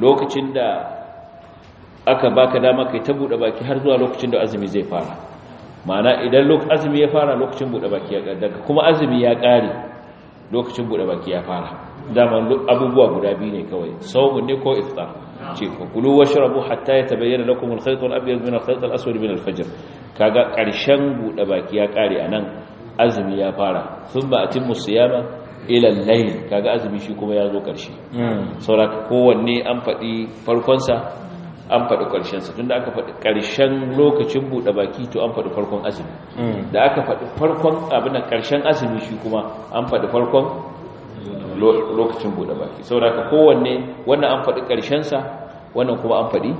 lokacin da aka baka dama kai ta buɗe baki har zuwa lokacin da azumi zai fara ma'ana idan azumi ya fara lokacin buɗe baki ya ƙaddaka kuma azumi ya ƙare lokacin buɗe baki ya fara dama abubuwa guda biyu ne kawai saumun ne ko iftar ce ku kulu shrabu hatta yatabayyana lakum al-khayt al-abyad min al-khayt al-aswad min al-fajr kaga ƙarshen buɗe baki ya ƙare anan azumi ya fara sun ba a cin ilan layin kaga azumi shi kuma ya zo ƙarshe hmm. sauraka kowanne an faɗi farkonsa an faɗi ƙarshensa tun da aka faɗi ƙarshen lokacin buɗe baki to an faɗi farkon azumi hmm. da aka faɗi farkon abin ƙarshen azumi shi kuma an faɗi farkon lokacin buɗe baki sauraka kowanne wannan an faɗi ƙarshensa wannan kuma an faɗi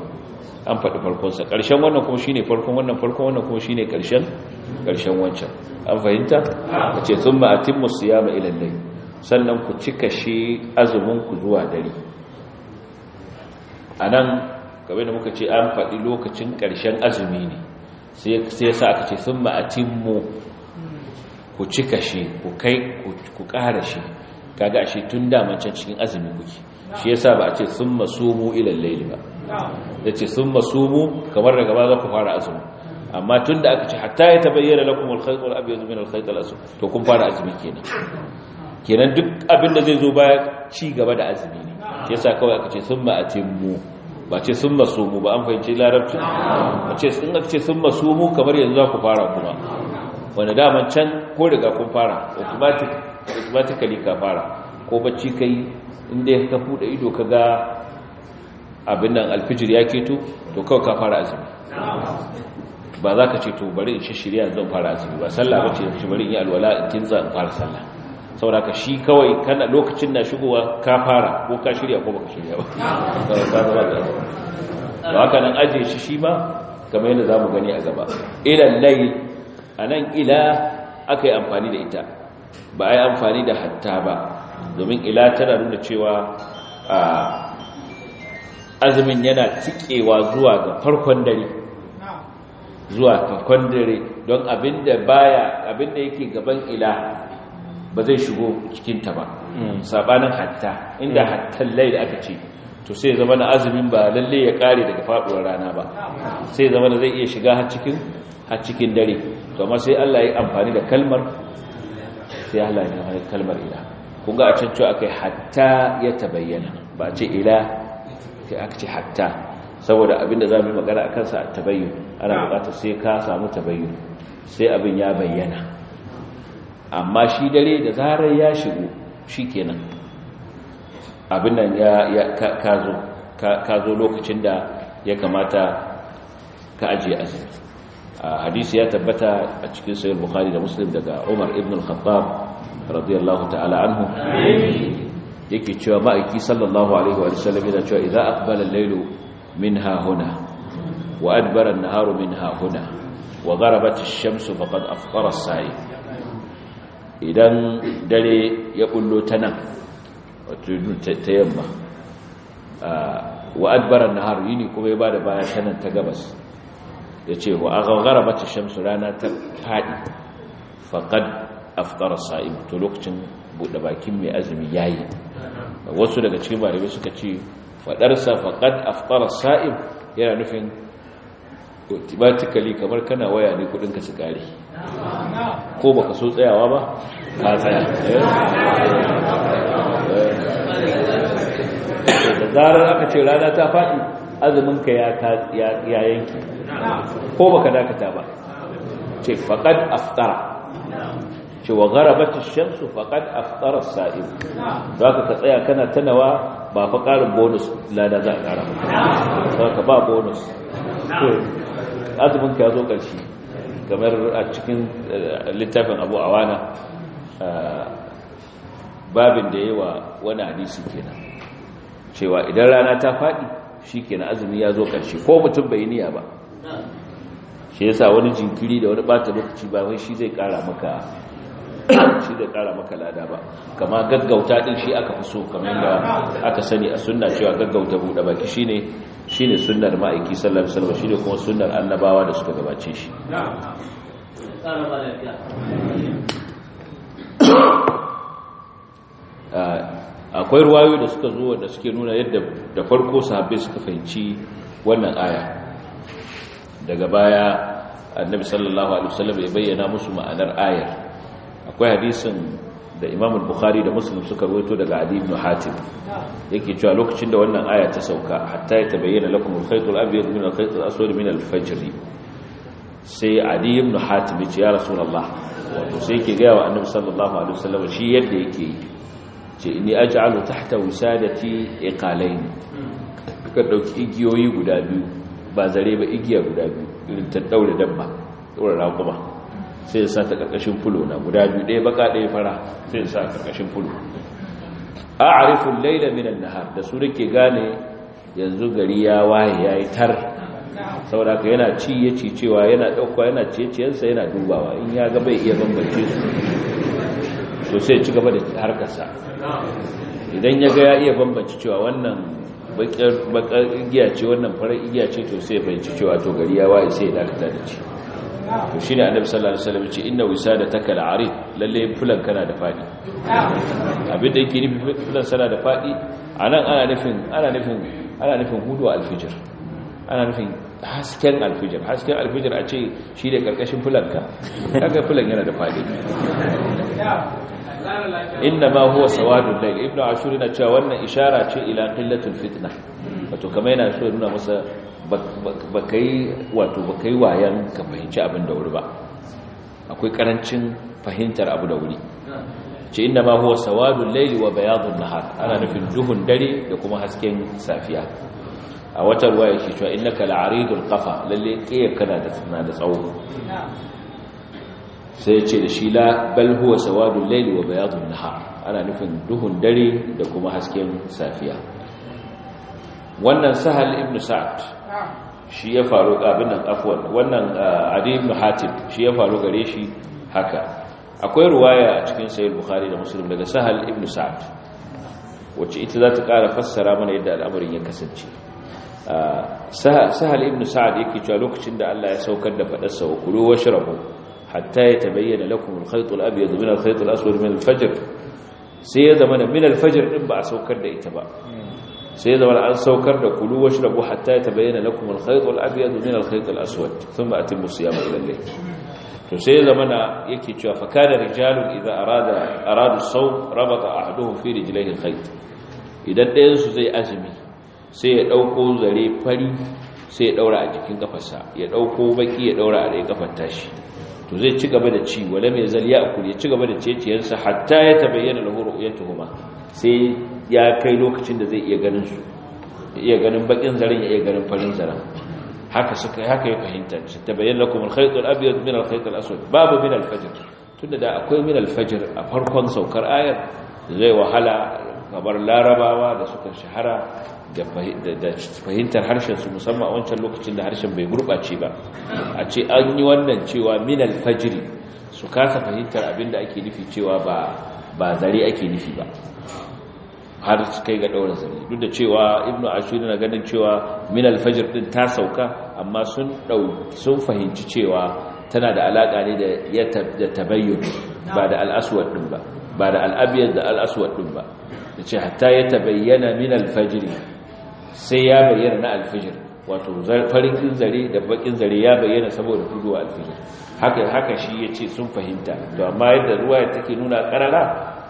an faɗi farkonsa ƙarshen wannan kuma shine farkon wannan farkon wannan kuma shine ƙarshen ƙarshen wancan an fahimta a ce sun ma'atin musu ya ma'ilallai sannan ku cika shi azuminku zuwa dare a nan game da muka ce an faɗi lokacin ƙarshen azumi ne sai ya sa aka ce sun ma'atin mu ku cika shi ku kai ku ƙara shi kaga ashe tun damancin can cikin azumi kuke shi yasa ba a ce sun masumu ilal laili ba da ce sun masumu kamar daga ba za ku fara azumi amma tun da aka ce hatta ya tabayyana lakum al-khayt al-abyad min al-khayt al to kun fara azumi kenan kenan duk abin da zai zo baya ci gaba da azumi ne shi yasa kawai aka ce sun a atimmu ba ce summa sumu ba an fahimci larabci ba ce sun aka ce summa sumu kamar yanzu za ku fara kuma wanda daman can ko riga kun fara automatic automatically ka fara ko bacci kai inda ka da ido ka ga abin nan alfijir ya keto to kawai ka fara azumi ba za ka ce to bari in shirya zan fara azumi ba sallah ba ce shi bari in yi alwala in tinza in fara sallah saboda ka shi kawai kana lokacin na shigowa ka fara ko ka shirya ko baka shirya ba ka ba haka nan aje shi shi ma kamar yadda za mu gani a gaba ilan lai a nan ila aka yi amfani da ita ba a yi amfani da hatta ba domin ila tana nuna cewa azumin yana tikewa zuwa ga farkon dare zuwa farkon dare don abinda baya abinda yake gaban ila ba zai shigo cikinta ba mm. sabanin hatta inda mm. hattan lai da aka ce to sai zama na azumin ba lalle ya kare daga faduwar rana ba sai zama na zai iya shiga har cikin dare to amma sai Allah ya amfani da kalmar sai Allah ya amfani da kalmar ila Kunga a can cewa akai hatta ya tabayyana ba ce ila sai aka ce hatta saboda abinda za mu yi magana a kansa a tabayyun ana bukatar sai ka samu tabayyun sai abin ya bayyana amma shi dare da zarar ya shigo shi kenan abin nan ya ka zo lokacin da ya kamata ka ajiye azumi hadisi ya tabbata a cikin sayar bukari da muslim daga umar ibn al-khattab radiyallahu ta'ala anhu yake cewa ma'aiki sallallahu alaihi wa sallam yana cewa idza aqbala al-lailu minha huna wa adbara an-naharu minha huna wa gharabat ash-shamsu faqad afqara as-sa'i idan dare ya bullo ta nan wato ta yamma wa adbara an-nahar yini kuma ya bada baya ta nan ta gabas yace wa gharabat ash-shamsu rana ta fadi faqad afqara sa'im to lokacin bude bakin mai azumi yayi wasu daga cikin malamai suka ce faɗarsa faqad afqara sa'im yana nufin automatically kamar kana waya ne kudinka su kare ko baka so tsayawa ba ka tsaya da zarar aka ce rana ta faɗi azuminka ya yanki ko baka dakata ba ce faƙad aftara cewa gharabati shamsu faqad aftara as-sa'im zaka ka tsaya kana tanawa ba fa karin bonus lada za a kara zaka ba bonus azumin ka zo karshe kamar a cikin eh, littafin Abu Awana eh, babin da yawa wani hadisi kenan cewa idan rana ta faɗi shikenan azumi ya zo karshe ko mutum bai niyya ba shi yasa wani jinkiri da wani bata lokaci ba wai shi zai kara maka shi da ƙara maka lada ba kama gaggauta din shi aka fi so kamar yadda aka sani a sunna cewa gaggauta buɗe baki shine ne sunnar ma'aiki sallar salwa shi shine kuma sunnar annabawa da suka gabace shi ah, akwai ruwayo da suka zo da suke nuna yadda da farko sahabbai suka fahimci wannan aya daga baya annabi sallallahu alaihi wasallam ya bayyana musu ma'anar ayar akwai hadisin da imam bukhari da muslim suka rawaito daga adi ibn hatim yake cewa lokacin da wannan aya ta sauka hatta ya tabayyana lakum al-khayt al-abyad min al-khayt al-aswad min al-fajr sai adi ibn hatim ya ce ya rasulullah wato sai yake ga wa annabi sallallahu alaihi wasallam shi yadda yake yi ce inni aj'alu tahta wisadati iqalain ka dauki igiyoyi guda biyu ba zare ba igiya guda biyu irin ta daure dabba daure raƙuma sai ya sa ta ƙarƙashin fulo na guda biyu ɗaya baka ɗaya fara sai ya sa ƙarƙashin fulo a arifin laila minan nahar da su rike gane yanzu gari ya waye ya yi tar saboda ka yana ci ya ci cewa yana ɗaukwa yana ciyarsa yana dubawa in ya ga bai iya bambance su to sai ci gaba da harkarsa idan ya ga ya iya bambance cewa wannan bakar igiya ce wannan farar igiya ce to sai bai ci cewa to gari ya waye sai ya dakata da ci to shine annabi sallallahu alaihi wasallam ce inna wisadataka al'arid lalle fulan kana da fadi abin da yake nufi fulan sana da fadi anan ana nufin ana nufin ana nufin hudu alfijir ana nufin hasken alfijir hasken alfijir a ce shi da karkashin fulanka kaga fulan yana da fadi inna ma huwa sawadul layl ibnu ashur yana cewa wannan ishara ce ila qillatul fitna wato kamar yana so ya nuna masa ba ka yi wayan ka fahimci abin da wuri ba akwai karancin fahimtar abu da wuri ce inda ma huwa sawadun laili wa bayadun nahar ana nufin duhun dare da kuma hasken safiya a wata ruwa yake cewa innaka la'aridul kafa lalle kiyar kana da tsana da tsawo sai ce da shi la bal huwa sawadun laili wa bayadun nahar ana nufin duhun dare da kuma hasken safiya wannan sahal ibn sa'ad shi ya faru abin nan afwan wannan ah, adi ibn shi ya faru gare shi haka akwai ruwaya a cikin sahih bukhari da muslim daga sahal ibn sa'ad wacce ita za ta ƙara fassara mana yadda al'amarin ya kasance ah, sahal ibn sa'ad yake cewa lokacin da Allah ya saukar da fadarsa sa kulu washrabu hatta yatabayyana lakum al-khayt al-abyad min al-khayt al-aswad min al-fajr sai ya zama da min al-fajr din ba a saukar da ita ba sai zama an saukar da kulu wasu rabu hatta ya tabayyana na kuma alkhaitul abiyar domin alkhaitul aswad sun ba a timmu siya mai lalle to sai zama na yake cewa fakada rijalun idan aradu sau a haduhun fi rijilai alkhait idan ɗayansu zai azumi sai ya ɗauko zare fari sai ya ɗaura a jikin kafarsa ya ɗauko baƙi ya ɗaura a ɗaya kafar tashi to zai ci gaba da ci wale mai zaliya a ya ci gaba da ciye-ciyensa hatta ya tabayyana ya tuhuma sai ya kai lokacin da zai iya ganin su iya ganin bakin zaren ya iya ganin farin zaren haka suka haka ya fahimta shi tabayyan lakum al-khayt al-abyad min al-khayt al-aswad babu min al-fajr tunda da akwai min al-fajr a farkon saukar ayar zai wahala kamar larabawa da suka shahara da fahimtar harshen su musamman a wancan lokacin da harshen bai gurbace ba a ce an yi wannan cewa min al-fajr su kasa fahimtar abinda ake nufi cewa ba ba zare ake nufi ba har su kai ga ɗaurin zane duk da cewa ibnu ashir na ganin cewa min alfajir din ta sauka amma sun sun fahimci cewa tana da alaka ne da ya tabayyun ba da al'aswad din ba ba da al'abiyar da al'aswad din ba da ce hatta ya tabayyana min alfajir sai ya bayyana na alfajir wato farin zare da bakin zare ya bayyana saboda fitowa alfajir haka haka shi yace sun fahimta to amma yadda ruwa take nuna karara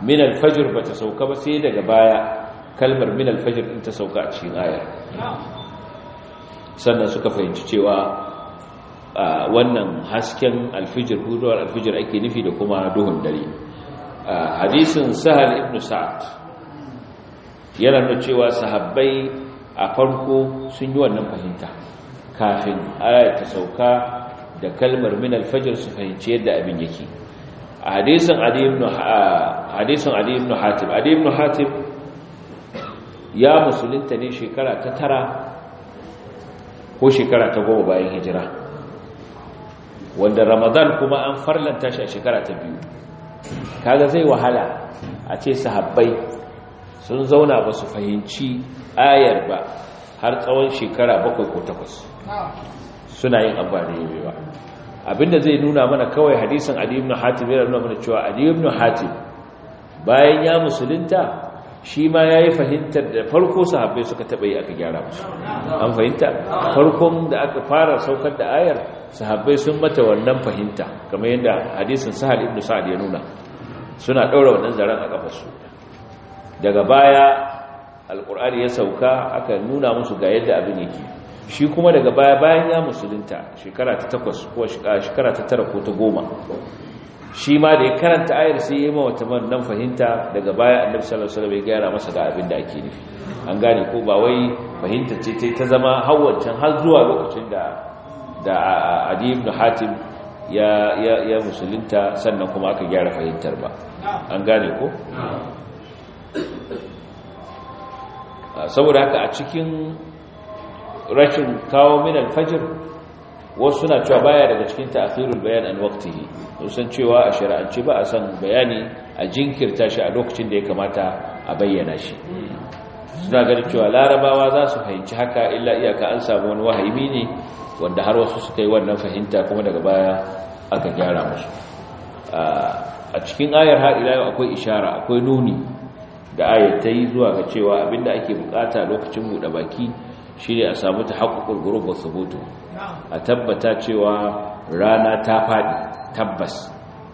min alfajir ba ta sauka ba sai daga baya kalmar min alfajir ɗin ta sauka a cikin ayar sannan suka fahimci cewa wannan hasken alfijir hudawar alfijir ake nufi da kuma duhun dare hadisin sahal ibn sa'ad yana nuna cewa sahabbai a farko sun yi wannan fahimta kafin aya ta sauka da kalmar min alfajir su fahimci yadda abin yake a hadisin adi ibn hatib adi ibn hatib ya musulunta ne shekara ta tara ko shekara ta goma bayan hijira wanda ramadan kuma an farlanta shi a shekara ta biyu kaga zai wahala a ce sahabbai sun zauna ba su fahimci ayar ba har tsawon shekara bakwai ko takwas suna yin amfani yi ba abinda zai nuna mana kawai hadisin Ali ibn Hatib yana nuna mana cewa Ali ibn Hatib bayan ya musulunta shi ma yayi fahimtar da farko sahabbai suka taɓa yi aka gyara musu an fahimta farkon da aka fara saukar da ayar sahabbai sun mata wannan fahimta kamar yadda hadisin sahal ibn sa'ad ya nuna suna ɗaura wannan zaren a ƙafarsu daga baya alƙur'ani ya sauka aka nuna musu ga yadda abin yake shi kuma daga baya bayan ya musulunta shekara ta takwas ko shekara ta tara ko ta goma shi ma da ya karanta ayar sai ya yi mawata nan fahimta daga baya annabi sallallahu alaihi ya gyara masa ga abin da ake nufi an gane ko ba wai fahimta ce ta ta zama hawancin har zuwa lokacin da da adi ibn hatim ya ya musulunta sannan kuma aka gyara fahimtar ba an gane ko saboda haka a cikin rashin kawo min alfajir wasu suna cewa baya daga cikin ta'khirul bayan an waqtihi sun cewa a shari'ance ba a san bayani a jinkirta shi a lokacin da ya kamata a bayyana shi suna ganin cewa larabawa za su fahimci haka illa iyaka an samu wani wahimi ne wanda har wasu suka yi wannan fahimta kuma daga baya aka gyara musu a cikin ayar ha'ila yau akwai ishara akwai nuni da ayar ta zuwa ga cewa abinda ake bukata lokacin buɗe baki shi ne a samu ta haƙuƙul gurubin subutu a tabbata cewa rana ta faɗi tabbas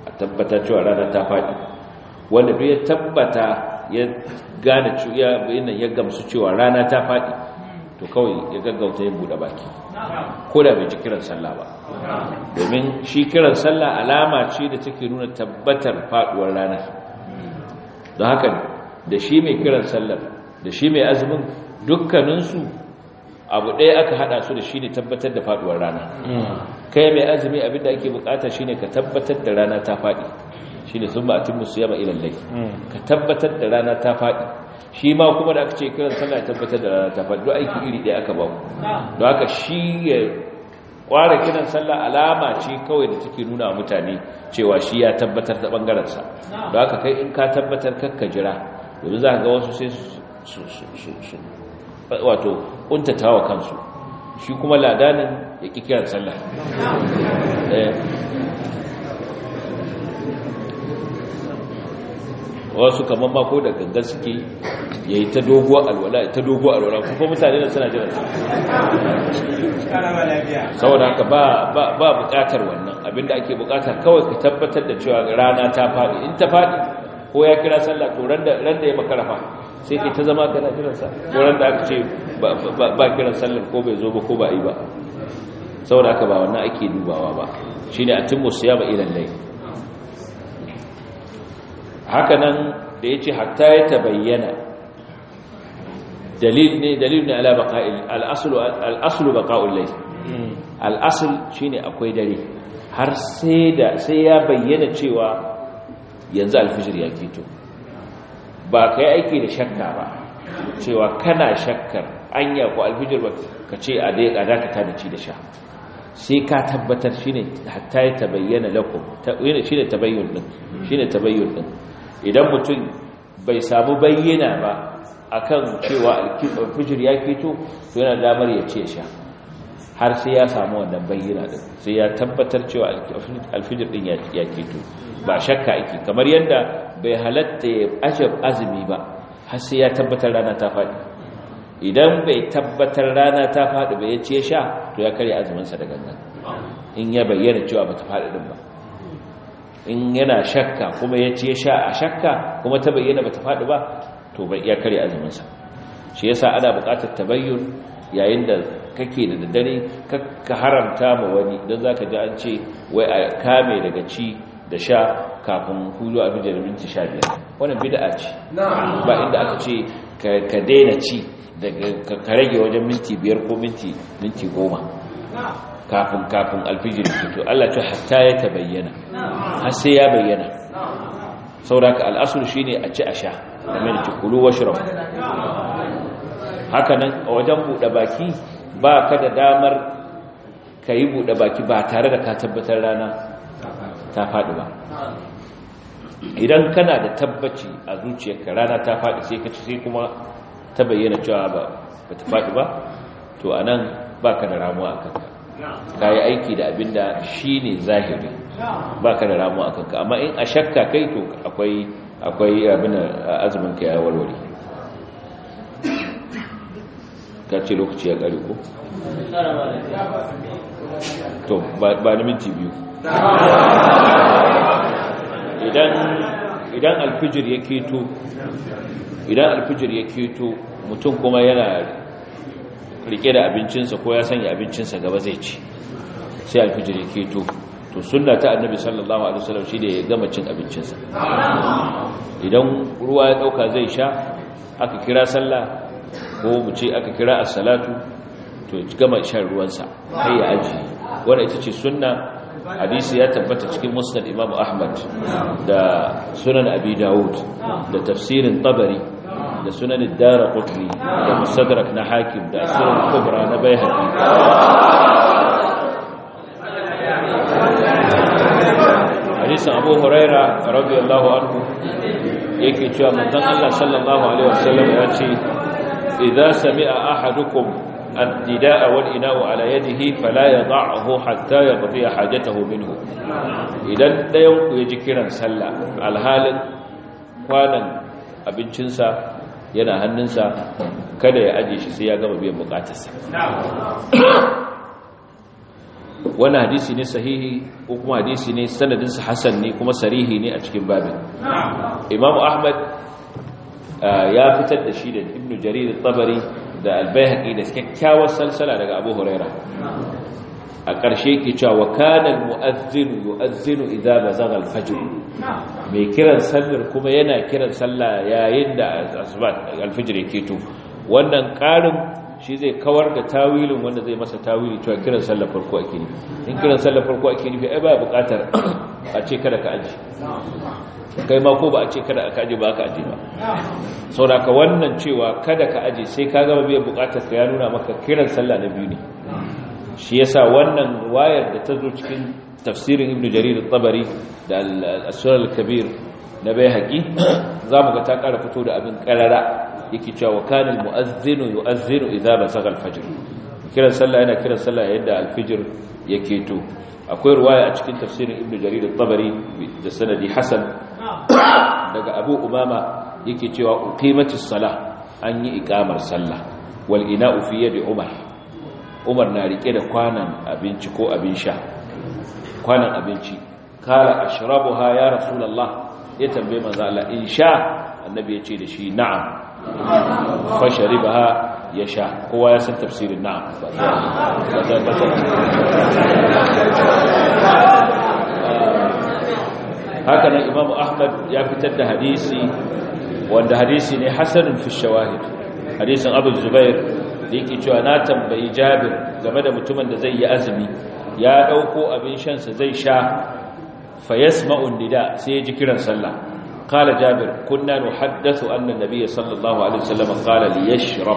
a tabbata cewa rana ta faɗi wanda duk ya tabbata ya gane ya ya gamsu cewa rana ta faɗi to kawai ya gaggauta yin buɗe baki ko da bai ji kiran sallah ba domin shi kiran sallah alama ce da take nuna tabbatar faɗuwar rana don haka da shi mai kiran sallar da shi mai azumin dukkaninsu abu ɗaya aka haɗa su da shi ne tabbatar da faduwar rana kai mai azumi abinda ake bukata ne ka tabbatar da rana ta faɗi. Shi ne atimmu musu ila al-layl ka tabbatar da rana ta faɗi. shi ma kuma da aka ce kiran sallah ya tabbatar da rana ta faɗi, duk aiki iri ɗaya aka ba ku don haka shi ya ƙwara kiran sallah alama ce kawai da take nuna wa mutane cewa shi ya tabbatar da ɓangarensa. don haka kai in ka tabbatar kakka jira yanzu za ka ga wasu sai su wato wa kansu shi kuma ladanin ya ƙi kiran sallah eh. wasu kamar ma ko da gangan suke ya yi ta dogo alwala ta dogo alwala kuma mutane da suna jiran saboda haka ba bukatar wannan abinda ake bukata kawai ka tabbatar da cewa rana ta faɗi in ta faɗi ko ya kira sallah to ran da ya makarafa. sai ke ta zama kana kiransa wurin da aka ce ba kiran sallar ko bai zo ba ko ba yi ba saboda haka ba wannan ake dubawa ba shine atimmu ba ila lai. haka nan da ya ce hatta ya bayyana dalil ne dalil ne ala ba ka'ul lai al'asul shi ne akwai dare har sai ya bayyana cewa yanzu alfijir ya kito ba ka yi aiki da shakka ba cewa kana shakkar anya ko alfijir ba ka ce a dai a dakata da ci da sha sai ka tabbatar ne hatta ya tabayyana lakum ne tabayyun shi ne tabayyun ɗin idan mutum bai samu bayyana ba akan cewa alfijir ya fito to yana damar ya ce sha har sai ya samu wannan bayyana din sai ya tabbatar cewa alfijir din ya keto ba shakka ake kamar yadda bai halatta ya azumi ba har sai ya tabbatar rana ta faɗi idan bai tabbatar rana ta faɗi ba ya ce sha to ya karya azuminsa da gangan in ya bayyana cewa ba ta faɗi din ba in yana shakka kuma ya ce sha a shakka kuma ta bayyana ba ta faɗi ba to ya karya azuminsa shi yasa ana buƙatar tabayyun yayin da kake da daddare ka haramta ma wani don za ka ji an ce wai a kame daga ci da sha kafin hudu a da minti sha biyar wannan bida'a ce ba inda aka ce ka daina ci daga ka rage wajen minti biyar ko minti goma kafin kafin alfijir fito Allah ce hatta ya bayyana. har sai ya bayyana sauraka al'asur shine a ci a sha da mai da haka nan a wajen buɗe baki ba ka da damar ka yi buɗe baki ba tare da ka tabbatar rana ta faɗi ba idan kana da tabbaci a zuciyarka rana ta faɗi sai ka ci sai kuma ta bayyana cewa ba ta faɗi ba to a nan ba ka da ramuwa a kanka ka yi aiki da abin da shi ne zahiri ba ka da ramuwa a kanka amma in a shakka kai to akwai abin azumin ka ya warware ka lokaci ya ƙare ko? to ba ni minti biyu idan alfijir ya keto idan alfijir ya keto mutum kuma yana rike da abincinsa ko ya sanya abincinsa gaba zai ci sai alfijir ya keto to sunna ta annabi sallallahu alaihi wasallam shi da ya gama cin abincinsa idan ruwa ya ɗauka zai sha aka kira sallah ko mu ce aka kira as-salatu to gama shan ruwansa kai ya aji wannan ita ce sunna hadisi ya tabbata cikin musnad imam ahmad da sunan abi da'ud da tafsirin tabari da sunan dara qutni da musadrak na hakim da sunan kubra na baihaqi hadisin abu huraira radiyallahu anhu yake cewa manzon Allah sallallahu alaihi wasallam ya ce sami idza sami'a ahadukum الدداء والإناء على يده فلا يضعه حتى haja حاجته منه idan ɗayan ku ya ji kiran sallah alhalin kwanan abincinsa yana hannunsa kada ya ajiye shi sai ya gama biyan bukatarsa wani hadisi ne sahihi ko kuma hadisi ne sanadinsa Hassan ne kuma sarihi ne a cikin babin Imam ahmad ya fitar da shi da ibn jarir tabari da albayhaqi da kyakkyawar salsala daga abu huraira a ƙarshe ke cewa wa kana mu'azzinu yu'azzinu idza bazagha al-fajr mai kiran sallar kuma yana kiran sallah yayin da asuba al-fajr yake to wannan ƙarin shi zai kawar da tawilin wanda zai masa tawili cewa kiran sallar farko ake nufi in kiran sallar farko ake nufi ai ba bukatar a ce kada ka aji kai ma ko ba a ce kada ka aji ba ka aji ba ka wannan cewa kada ka aji sai ka gama biyan bukatar ka ya nuna maka kiran sallah na biyu ne shi yasa wannan wayar da ta zo cikin tafsirin Ibn jarir at-tabari da al-asrar al-kabir na bai haƙi za mu ga ta ƙara fito da abin ƙarara yake cewa kanil mu'azzinu yu'azzinu idza basaga al-fajr kiran sallah yana kiran sallah yadda al-fajr yake to akwai ruwaya a cikin tafsirin ibnu jarir at-tabari da sanadi hasan daga abu umama yake cewa uqimatis salah an yi iqamar sallah wal ina'u fi yadi umar umar na rike da kwanan abinci ko abin sha kwanan abinci kala ashrabuha ya rasulullah ya tambaye manzo Allah in sha annabi ya ce da shi na'am fashari ba ha ya sha kowa ya san tafsirin na hakanan nan imamu ahmad ya fitar da hadisi wanda hadisi ne hasanin fi hadisin abu zubair da yake cewa na tambayi jabir game da mutumin da zai yi azumi ya ɗauko abin shansa zai sha fayas ma'undida sai ya ji kiran sallah قال جابر كنا نحدث أن النبي صلى الله عليه وسلم قال ليشرب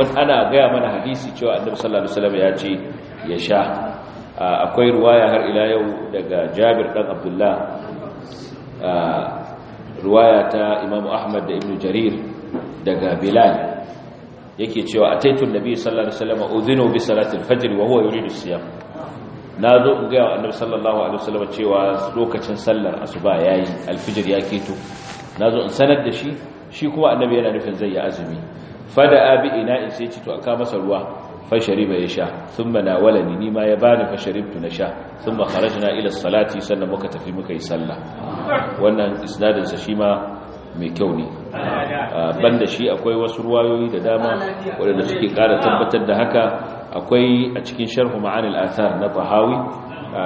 من أنا قيا من حديثي جوا النبي صلى الله عليه وسلم يأتي يشاء أكوي رواية هر إلى يوم دقى جابر بن عبد الله رواية إمام أحمد ابن جرير دقى بلال yake cewa ataitu nabi sallallahu alaihi wasallam udhinu bi salati al-fajr wa huwa yuridu siyam na zo in gaya wa annabi sallallahu alaihi wasallam cewa lokacin sallar asuba yayi alfijir ya keto na zo in sanar da shi shi kuma annabi yana nufin zai yi azumi fada abi ina in sai ci to aka masa ruwa fa shariba ya sha thumma nawalani ni ma ya bani fa sharibtu na sha thumma kharajna ila salati sannan muka tafi muka yi sallah wannan isnadin sa shi ma mai kyau ne ah, banda shi akwai wasu ruwayoyi da dama waɗanda suke ƙara tabbatar da haka akwai a cikin sharhu ma'anil athar na bahawi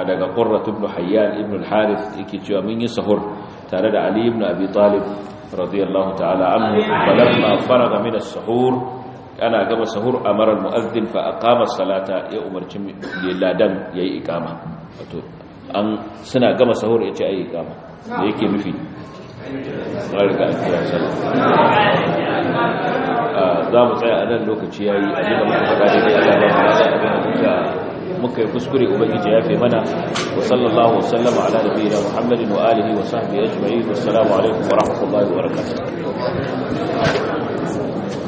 daga qurrat ibn hayyan ibn al-harith yake cewa mun yi sahur tare da ali ibn abi talib radiyallahu ta'ala anhu falamma faraga min as-suhur ana gama sahur amara al-mu'adhdhin fa aqama as-salata ya umarci ladan yayi iqama wato an suna gama sahur yace ayi iqama yake nufi Ah, za mu tsaya a nan lokaci ya yi abin da muka faɗa daidai Allah yi mu da abin da muka yi kuskure ubangiji ya fi mana wa sallallahu wasallama ala da muhammadin wa alihi wa sahbihi ajma'in wassalamu alaikum wa rahmatullahi wa barakatuh